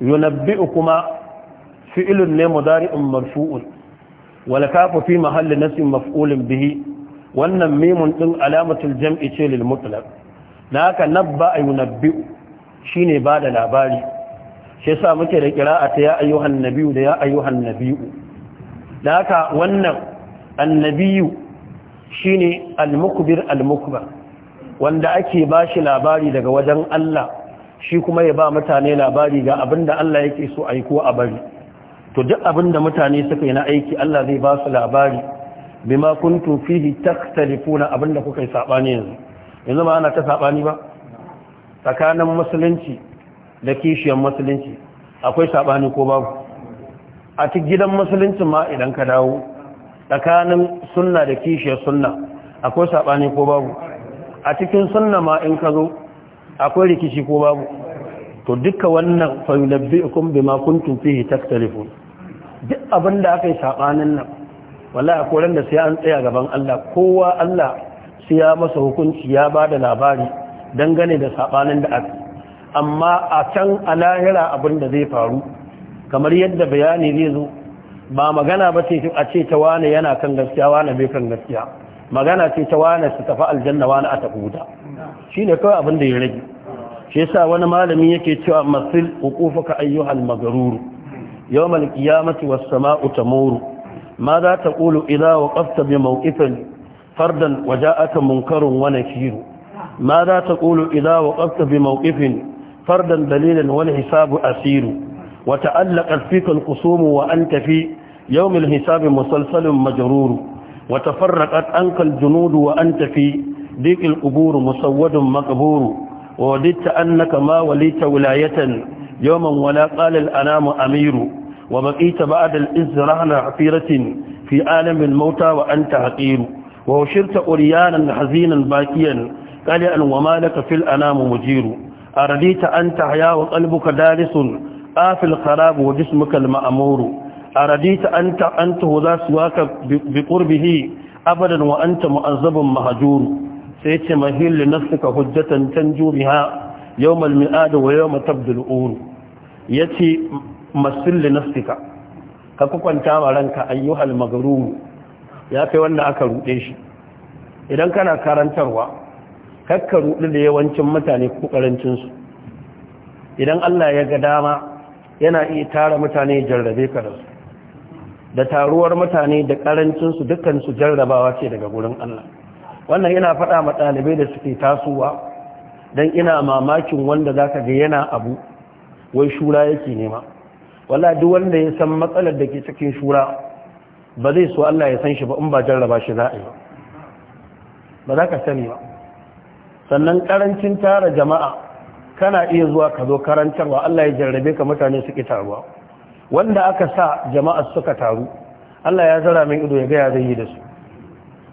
yunabbbi'ukuma fi'lun ne mudari'un marfu'un wal kafu fi mahalli nasb maf'ulin bihi wannan mimun din alamatul jam'i ce lil mutlaq na haka nabba ne shine bada labari shi sa muke da ta ya ayyuhan nabiyyu da ya ayyuhan nabiyyu da haka wannan annabiyu shine ne almukubir almukubar wanda ake bashi labari daga wajen Allah shi kuma ya ba mutane labari ga abin da Allah yake so a yi ko a bari to duk abin da mutane suka yi na aiki Allah zai ba su labari bima kuntu fihi taktalifuna abinda kuka yi sabani yanzu yanzu ba ana ta saɓani ba tsakanin musulunci da kishiyar musulunci akwai saɓani ko babu a cikin gidan musulunci ma idan ka dawo tsakanin sunna da kishiyar sunna akwai saɓani ko babu a cikin sunna ma in ka zo akwai rikici ko babu to duka wannan fayunabbi'ukum bima kuntum fihi taktalifun duk abin da aka yi saɓanin nan wallahi akwai ran da sai an tsaya gaban Allah kowa Allah sai ya masa hukunci ya ba da labari dangane da saɓanin da aka amma a can a lahira abin da zai faru kamar yadda bayani zai zo ba magana ba ce a ce ta wane yana kan gaskiya wane bai kan gaskiya magana ce ta wane su tafi aljanna wane a tafi shi ne kawai abin da ya rage shi yasa wani malami yake cewa masil hukufuka ayyuhal magaruru yawmal qiyamati was sama'u tamuru ma za ta qulu idza waqafta bi mawqifin فردا وجاءك منكر ونكير ماذا تقول إذا وقفت بموقف فردا دليلا والحساب أسير وتألقت فيك القصوم وأنت في يوم الحساب مسلسل مجرور وتفرقت عنك الجنود وأنت في ديك القبور مسود مقبور ووددت أنك ما وليت ولاية يوما ولا قال الأنام أمير وبقيت بعد الإز رهن عفيرة في عالم الموتى وأنت حقير ووشرت أريانا حزينا باكيا قلعا وما لك في الأنام مجير أرديت أن تحيا وقلبك دارس آف الخراب وجسمك المأمور أرديت أن أن تهدى سواك بقربه أبدا وأنت مؤذب مهجور سيتمهل لنفسك حجة تنجو بها يوم المئاد ويوم تبدو الأور يتي مثل لنفسك ككوكو انتام رنك أيها المغرور ya kai wanda aka ruɗe shi idan kana karantarwa kakka ruɗe da yawancin mutane ko ƙarancinsu idan Allah ya ga dama yana iya tara mutane jarrabe ka da su da taruwar mutane da ƙarancinsu dukansu jarrabawa ce daga gurin Allah wannan yana faɗa ma ɗalibai da suke tasowa don ina mamakin wanda za ka ga yana abu wai shura yake nema wala duk wanda ya san matsalar da ke cikin shura ba zai so Allah ya san shi ba in ba jarraba shi za a yi ba za ka sani ba sannan karancin tara jama'a kana iya zuwa ka zo karantarwa Allah ya jarrabe ka mutane suke taruwa wanda aka sa jama'a suka taru Allah ya zara min ido ya gaya zai yi da su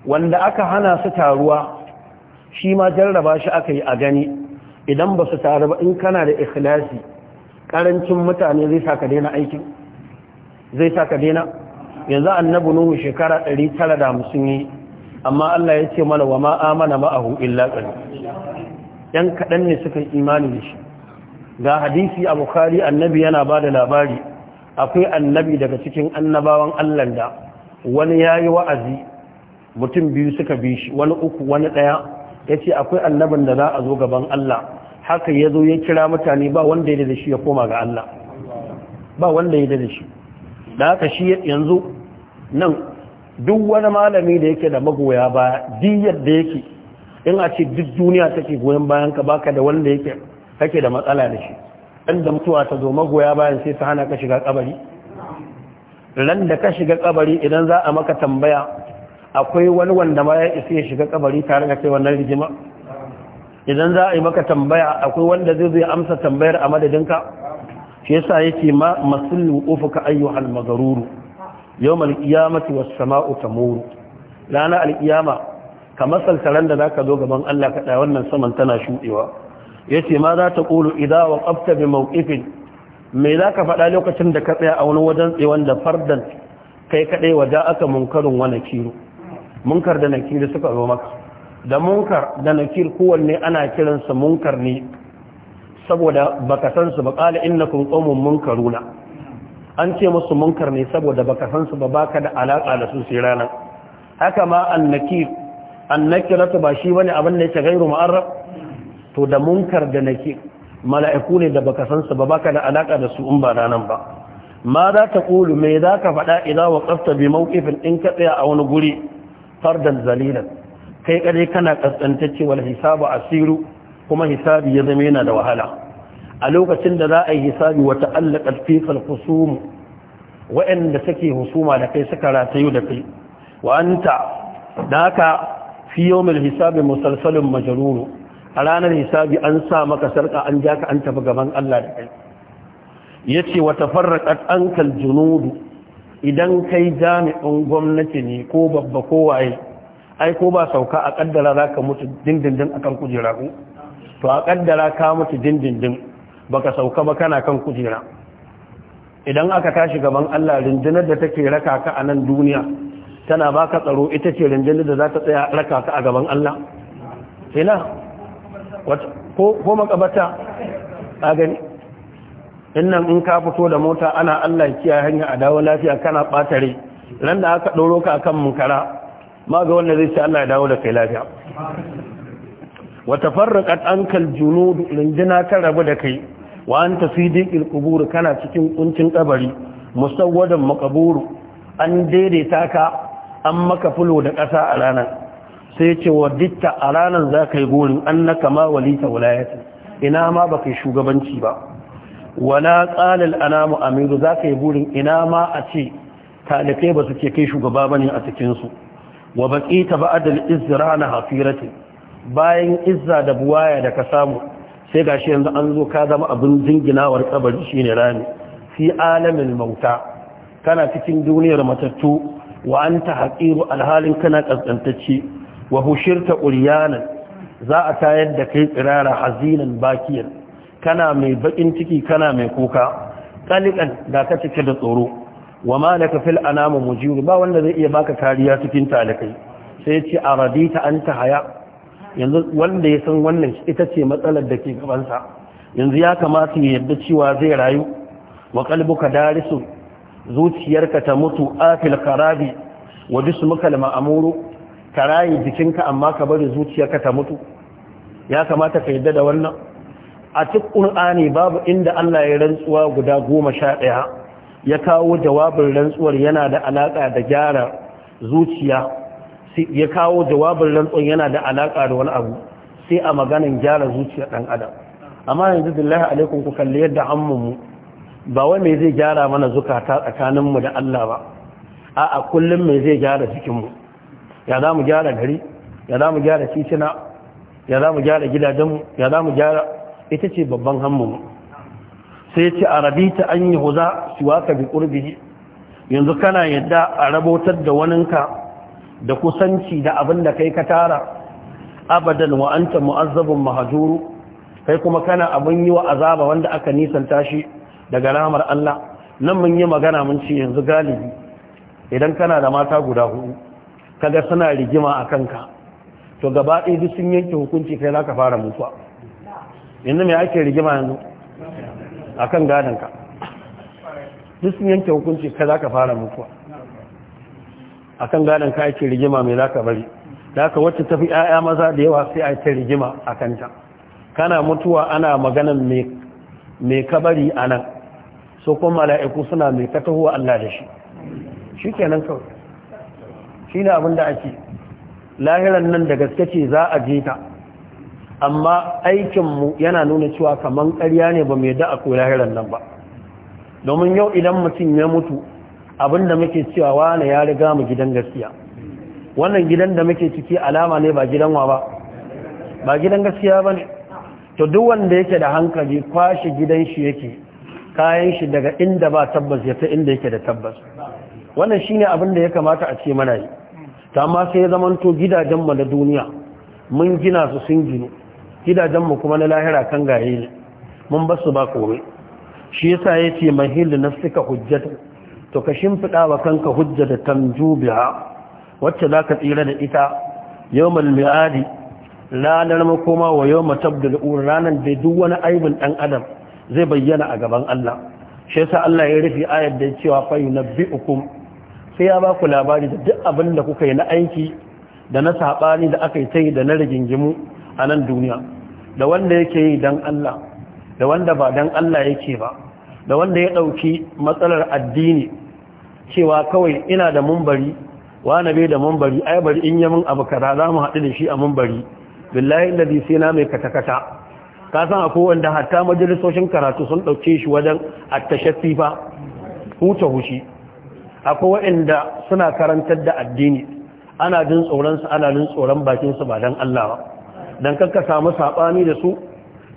wanda aka hana su taruwa shi ma jarraba shi aka yi a gani idan ba su taru ba in kana da ikhlasi karancin mutane zai sa ka daina aikin zai sa ka daina yanzu annabi nuhu shekara 950 yi amma Allah ya ce mana wa ma amana ma'ahu illa qali yan kadan ne suka imani da shi ga hadisi a bukhari annabi yana bada labari akwai annabi daga cikin annabawan Allah da wani yayi wa'azi mutum biyu suka bi shi wani uku wani daya yace akwai annabin da za a zo gaban Allah haka yazo ya kira mutane ba wanda ya da shi ya koma ga Allah ba wanda ya da shi da haka shi yanzu nan duk wani malami da yake da magoya ba diyar da yake in a ce duk duniya take goyon bayan ka baka da wanda yake kake da matsala da shi dan da mutuwa ta zo magoya bayan sai ta hana ka shiga kabari ran da ka shiga kabari idan za a maka tambaya akwai wani wanda ma ya isa ya shiga kabari tare da kai wannan rigima idan za a yi maka tambaya akwai wanda zai zai amsa tambayar a madadinka shi yasa yake ma masul ufuka ayyuhal magaruru yawmal qiyamati was sama'u tamuru lana al qiyama kamar saltaran da zaka zo gaban Allah ka wannan saman tana Ya yace ma za ta qulu wa ƙafta bi mawqifin me zaka faɗa lokacin da ka tsaya a wani wajen tsaye da fardan kai kaɗai waja aka munkarin wa nakiru munkar da nakiru suka zo maka da munkar da nakir kowanne ana kiransa munkar ne saboda baka san su ba qala innakum qawmun munkaruna an ce musu munkar ne saboda baka san su ba baka da alaka da su sai rana haka ma annakir annakiratu ba shi bane abin da yake gairu mu'arraf to da munkar da nakir mala'iku ne da baka san su ba baka da alaka da su in ba ranan ba ma za ta kulu me za ka faɗa idan waqafta bi mawqifin in ka tsaya a wani guri fardan zalilan kai kare kana kaskantacce wal hisabu asiru kuma hisabi ya zama yana da wahala a lokacin da za a yi hisabi wata ta'allaqat fi al-khusum wa'anda suke husuma da kai suka ratayu da kai wa anta daka fi yawmil hisabi musalsalin majrur a ranar hisabi an sa maka sarka an ka an tafi gaban Allah da kai yace wa tafarraqat ankal junudu, idan kai jami'in gwamnati ne ko babba ko waye ai ko ba sauka a za zaka mutu dindindin akan kujera ku to a ƙaddara ka mutu dindindin baka sauka ba kana kan kujera idan aka tashi gaban Allah rinjinar da take raka ka a nan duniya tana baka tsaro ita ce rinjinar da za ta tsaya raka ka a gaban Allah ina ko makabata a gani innan in ka fito da mota ana Allah kiya hanya a dawo lafiya kana batare ran da aka doro ka akan munkara ma ga wanda zai ce Allah ya dawo da kai lafiya wata tafarraqat ankal junud rinjina ta rabu da kai wa anta fi diqil kana cikin kuncin kabari musawwadan makaburu an daidaita ka an maka fulo da ƙasa a ranar sai ce wa ditta a ranar za ka yi gorin annaka ma walita wulayata ina ma ba ka yi shugabanci ba wala tsalil anamu amiru za ka yi gorin ina ma a ce talibai ba suke kai shugaba bane a cikinsu wa baƙi ta ba'adal izra na hafiratin bayan izza da buwaya da ka samu sai gashi yanzu an zo ka zama abin zinginawar kabari shine rami fi alamin mauta kana cikin duniyar matattu wa anta haƙiru alhalin kana kaskantacce wa hushirta uryanan za a tayar da kai tsirara hazinan bakiyar kana mai baƙin ciki kana mai kuka kalikan da ka cike da tsoro wa ma laka fil anam mujir ba wanda zai iya baka kariya cikin talakai sai a radita an ta haya yanzu wanda ya san wannan ita ce matsalar da ke gabansa yanzu ya kamata ya yadda cewa zai rayu wa kalbuka darisu zuciyarka ta mutu afil karabi wa jismuka ma'amuru ka jikinka amma ka bari zuciyarka ta mutu ya kamata ka yadda da wannan a cikin qur'ani babu inda Allah ya rantsuwa guda goma sha ɗaya ya kawo jawabin rantsuwar yana da alaƙa da gyara zuciya ya kawo jawabin rantsun yana da alaƙa da wani abu sai a maganin gyara zuciya ɗan adam amma yanzu lahi alaikun ku kalli yadda ammanmu ba wai mai zai gyara mana zukata tsakaninmu da Allah ba a a kullum mai zai gyara cikinmu ya za mu gyara gari ya za mu gyara titina ya za mu gyara gidajenmu ya za mu gyara ita ce babban hammanmu sai ce a ta an yi huza siwaka bi ƙurbi yanzu kana yadda a rabotar da waninka da kusanci da abin da kai ka tara abadan wa anta mu'azzabun mahjuru kai kuma kana abin yi wa azaba wanda aka nisan tashi daga ramar Allah nan mun yi magana mun ce yanzu galibi idan kana da mata guda hudu kaga suna rigima a kanka to gaba ɗaya duk sun yanke hukunci kai za ka fara mutuwa yanzu mai ake rigima yanzu a kan gadonka duk sun yanke hukunci kai za ka fara mutuwa a kan gadon ka aiki rigima mai zaka bari da ka wacce tafi 'ya'ya maza da yawa sai a rigima a kanta kana mutuwa ana maganan mai kabari a nan so kuma mala'iku suna mai katahuwa Allah da shi shi kenan kawai shi ne abin da ake lahiran nan da gaske ce za a je ta amma aikinmu yana nuna cewa kamar karya ne ba mai da a lahiran nan ba domin yau idan mutum ya mutu da muke cewa wane ya riga mu gidan gaskiya wannan gidan da muke ciki alama ne ba gidan wa ba ba gidan gaskiya ba ne to duk wanda yake da hankali kwashe gidan shi yake kayan shi daga inda ba tabbas ya ta inda yake da tabbas wannan shine abin da ya kamata a ce mana yi ta amma sai ya zamanto gidajen mu na duniya mun gina su sun gino gidajen mu kuma na lahira kan gaye ne mun su ba kome shi yasa yace mahil nafsika hujjatu to ka shimfiɗa wa kanka hujja da tanjubiha wacce za ka tsira da ita yau malmi'adi ranar makoma wa yau ur ranar da duk wani aibin ɗan adam zai bayyana a gaban Allah shi yasa Allah ya rufe ayar da cewa fa yunabbi'ukum sai ya ba ku labari da duk abin da kuka yi na aiki da na sabani da aka yi ta yi da na rigingimu a nan duniya da wanda yake yi dan Allah da wanda ba dan Allah yake ba da wanda ya ɗauki matsalar addini cewa kawai ina da mumbari na bai da mumbari ai bari in yamin abu kaza za mu haɗu da shi a mumbari billahi ladi sai na mai katakata ka san akwai wanda hatta majalisoshin karatu sun ɗauke shi wajen tashafi fa huta hushi akwai waɗanda suna karantar da addini ana jin su ana jin tsoron bakinsu ba don Allah ba don kanka samu saɓani da su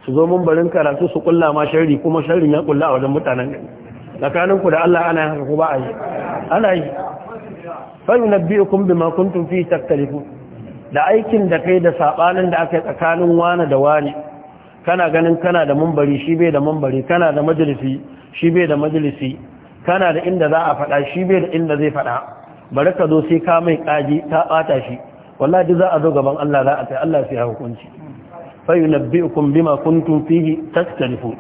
su zo mun barin karatu su kulla ma sharri kuma sharrin ya kulla a wajen mutanen gani ku da Allah ana haka ko ba a yi ana yi fa yunabbi'ukum bima kuntum fi taktalifu da aikin da kai da sabanin da aka yi tsakanin wani da wani kana ganin kana da mumbari shi bai da mumbari kana da majalisi shi bai da majalisi kana da inda za a faɗa shi bai da inda zai faɗa bari ka zo sai ka mai kaji ta bata shi wallahi za a zo gaban Allah za a kai Allah sai hukunci fayunabbi'ukum bima kuntum fihi taktalifu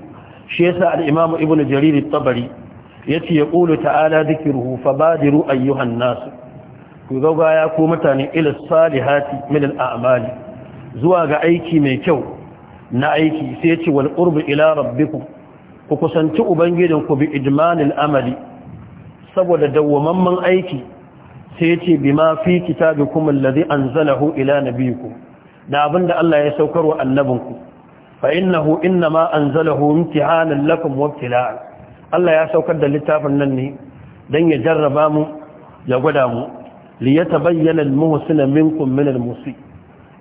shi yasa al-imam ibn jarir at-tabari yace ya qulu ta'ala dhikruhu fabadiru ayyuhan nas ku zauga ya ku mutane ila salihati min al-a'mali zuwa ga aiki mai kyau na aiki sai yace wal qurbu ila rabbikum ku kusanci ku bi idmanil amali saboda dawwamamman aiki sai yace bima fi kitabikum alladhi anzalahu ila nabiyikum da abin da Allah ya saukar wa annabinku fa innahu innama anzalahu imtihanan lakum wa Allah ya saukar da littafin nan ne dan ya jarraba mu ya gwada mu li yatabayyana al-muhsin minkum min al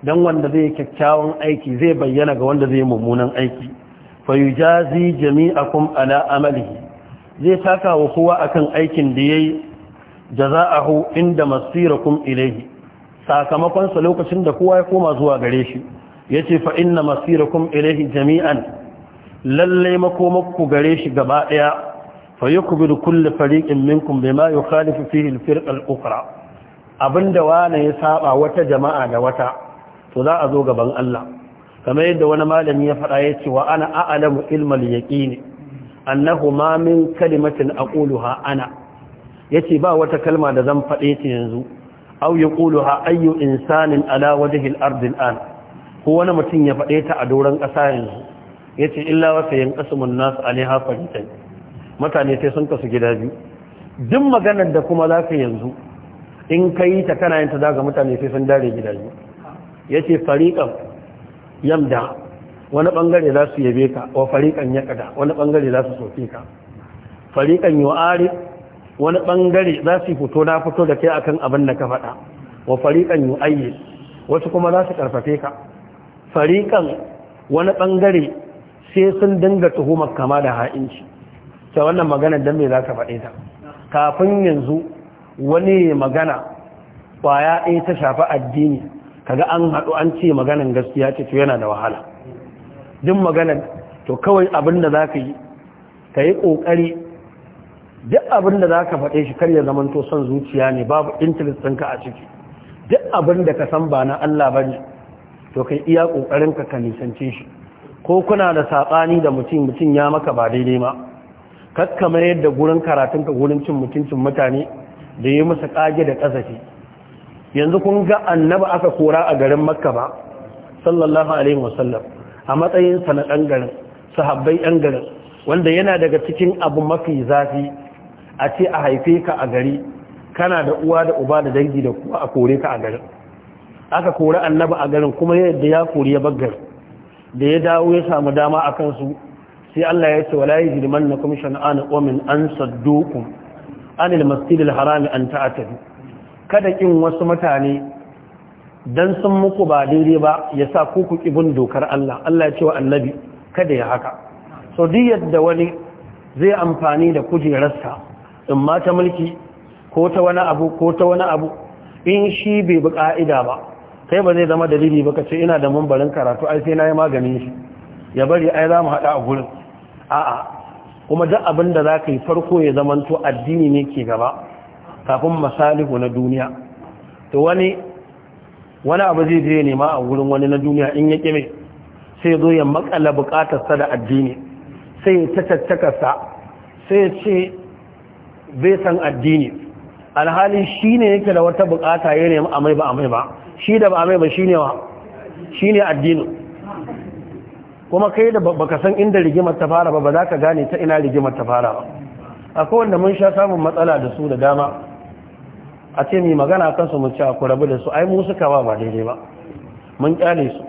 dan wanda zai kyakkyawan aiki zai bayyana ga wanda zai mummunan aiki fa yujazi jami'akum ala amalihi zai taka wa kowa akan aikin da yayi jaza'ahu inda masirakum ilayhi sakamakonsa lokacin da kowa ya koma zuwa gare shi ya ce fa'in na masirakum ilaihi jami'an lallai makomakku gare shi gaba ɗaya fa yi ku bidu kulle fariƙin minkun bai ma yi khalifu fi hilfir al'ukra abinda wane ya saba wata jama'a da wata to za a zo gaban Allah kamar yadda wani malami ya faɗa ya ce wa ana a'alamu ilmal yaƙini annahu ma min kalimatin aquluha ana yace ba wata kalma da zan faɗe ta yanzu aw yaquluha ayu insanin ala wajhi al-ard al-an ko wani mutum ya faɗe ta a doron ƙasa yanzu yace illa wa sayan qasmun nas alaiha faritan mutane sai sun kasu gida biyu duk maganar da kuma za ka yanzu in ka yi ta kana yin ta ga mutane sai sun dare gidaje ya ce fariƙan yamda wani ɓangare za su yabe ka wa fariƙan ya wani ɓangare za su ka fariƙan yi wani bangare za su fito na fito da kai akan abin da ka faɗa wa yi yu'ayyi wasu kuma za su karfafe ka fariƙan wani bangare sai sun dinga tuhumar kama da ha'inci ta wannan magana don mai za ka faɗe ta kafin yanzu wani magana ƙwaya ɗaya ta shafi addini kaga an haɗu an ce maganan gaskiya ce to yana da wahala duk maganan to kawai abin da za ka yi ka yi ƙoƙari duk abin da za ka faɗe shi kar ya zamanto son zuciya ne babu intanet ɗinka a ciki duk abin da ka san ba na Allah ba ne to kai iya ƙoƙarinka ka nisance shi ko kuna da saɓani da mutum mutum ya maka ba daidai ma kakkamar yadda gurin karatunka gurin cin mutuncin mutane da yi masa ƙage da ƙasashe yanzu kun ga annaba aka kora a garin makka ba sallallahu alaihi wasallam a matsayin na ɗan garin sahabbai ɗan garin wanda yana daga cikin abu mafi zafi a ce a haife ka a gari kana da uwa da uba da dangi da kuma a kore ka a garin aka kori annaba a garin kuma yadda ya kori ya baggar da ya dawo ya samu dama a kansu sai Allah ya ce wala yajriman nakum shan'an qawmin an saddukum anil masjidil harami an ta'tadu kada kin wasu mutane dan sun muku ba daidai ba ya sa ku ku kibin dokar Allah Allah ya ce wa annabi kada ya haka so duk yadda wani zai amfani da kujerarsa in ma ta mulki ko ta wani abu ko ta wani abu in shi bai bi ka'ida ba kai ba zai zama dalili ba ka ce ina da mambarin karatu ai sai na yi maganin shi ya bari ai za mu haɗa a gurin a'a kuma duk abin da za ka yi farko ya zamanto addini ne ke gaba kafin masalihu na duniya to wani wani abu zai je nema a gurin wani na duniya in ya kime sai zo ya makala bukatarsa da addini sai ya sa sai ya ce Zai san addini alhali shi ne yake da wata bukata ya nemi amai ba amai ba shi da ba amai ba shi ne wa shi ne kuma kai da baka san inda rigimar ta fara ba ba za ka gane ta ina rigimar ta fara ba akwai mun sha samun matsala da su da dama a ce mai magana kansu mu ci a rabu da su ai mu suka ba ba daidai ba mun kyale su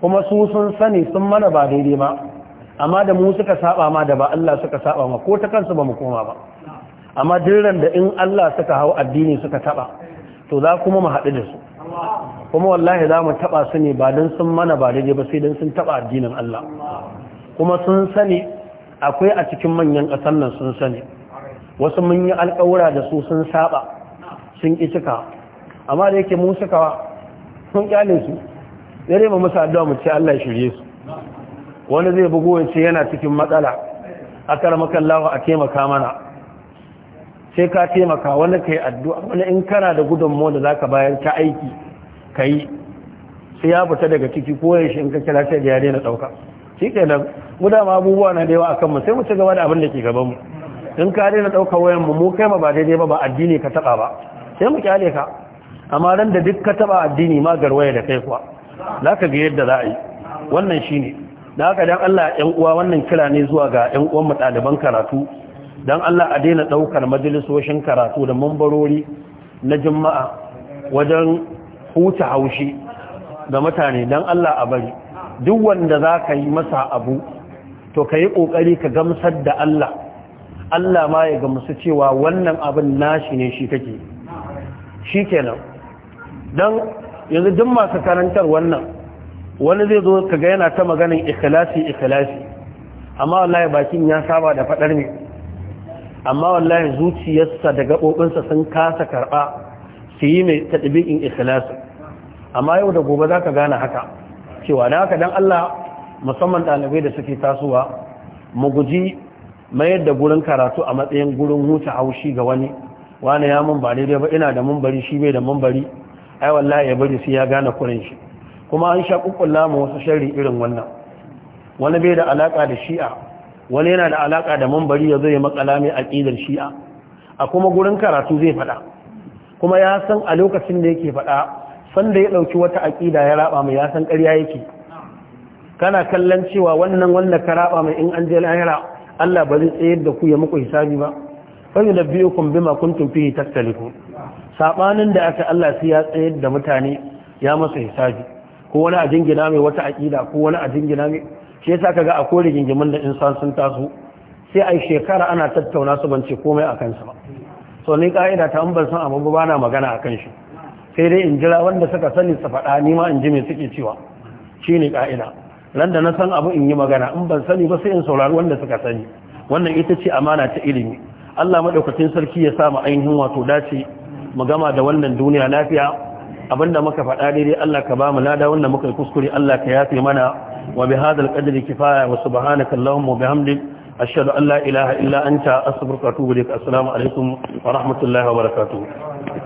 kuma su sun sani sun mana ba daidai ba amma da mu suka saba ma da ba Allah suka saba ma ko ta kansu ba mu koma ba amma dirran da in Allah suka hau addini suka taba to za kuma mu haɗu da su kuma wallahi za mu taba su ne ba don sun mana ba daidai ba sai don sun taba addinin Allah kuma sun sani akwai a cikin manyan ƙasar nan sun sani wasu mun yi alƙawura da su sun saba sun ƙi cika amma da yake mu suka sun ƙyale su dare mu musa addu'a mu ce Allah ya shirye su wani zai bugu ya ce yana cikin matsala a karamakan lawa a taimaka mana sai ka taimaka wani ka yi addu'a wani in kana da gudunmu da za ka bayar ta aiki ka yi sai ya fita daga ciki ko ya shi in ka kira sai da ya daina ɗauka shi ke nan mu ma abubuwa na da yawa a kanmu sai mu ci gaba da abin da ke gaban mu in ka daina ɗauka wayan mu mu kai ma ba daidai ba ba addini ka taɓa ba sai mu kyale ka amma ran da duk ka taɓa addini ma garwaya da kai kuwa za ka ga yadda za a yi wannan shine ne da haka dan Allah ƴan uwa wannan kira ne zuwa ga ƴan uwan mu ɗaliban karatu dan Allah a daina ɗaukar majalisoshin karatu da mambarori na juma'a wajen huta haushi da mutane dan Allah a bari duk wanda za ka yi masa abu to ka yi ka gamsar da Allah Allah ma ya gamsu cewa wannan abin nashi ne shi kake shi kenan yanzu duk masu karantar wannan wani zai zo kaga yana ta maganin ikhlasi ikhlasi amma wallahi bakin ya saba da fadar ne amma wallahi zuciyarsa da gabobinsa sun kasa karba su yi mai tadbiqin ikhlasi amma yau da gobe zaka gane haka cewa dan haka dan Allah musamman ɗalibai da suke tasowa mu guji mayar da gurin karatu a matsayin gurin huta haushi ga wani wani ya mun ba daidai ba ina da mun bari shi bai da mun bari ai wallahi ya bari sai ya gane kurin shi kuma an sha kukkulla mu wasu sharri irin wannan wani bai da alaka da shi'a wani yana da alaka da mambari ya zai makala mai aqidar shi'a a kuma gurin karatu zai faɗa. kuma ya san a lokacin da yake faɗa san da ya ɗauki wata aƙida ya raba mai ya san ƙarya yake kana kallon cewa wannan wanda ka raba mai in an je lahira Allah ba zai tsayar da ku ya muku hisabi ba fa yunabbiukum bima kuntum fihi tattaliku. sabanin da aka Allah sai ya tsayar da mutane ya masa hisabi ko wani a jingina mai wata aƙida ko wani a jingina mai shi yasa kaga a kore jingimin da insan sun taso sai ai shekara ana tattauna su ban ce komai a kansa ba so ni ka'ida ta ban san abu ba na magana a kan shi sai dai in jira wanda suka sani su faɗa ni ma in ji me suke cewa shine ka'ida ran da na san abu in yi magana in ban sani ba sai in saurari wanda suka sani wannan ita ce amana ta ilimi Allah madaukakin sarki ya sa mu ainihin wato dace mu gama da wannan duniya lafiya abinda muka faɗa daidai Allah ka ba mu lada wanda muka kuskure Allah ka yafe mana wa bi hadal qadri kifaya wa subhanaka allahumma wa bihamdik ashhadu an la ilaha illa anta astaghfiruka wa atubu ilaik assalamu alaikum wa rahmatullahi wa barakatuh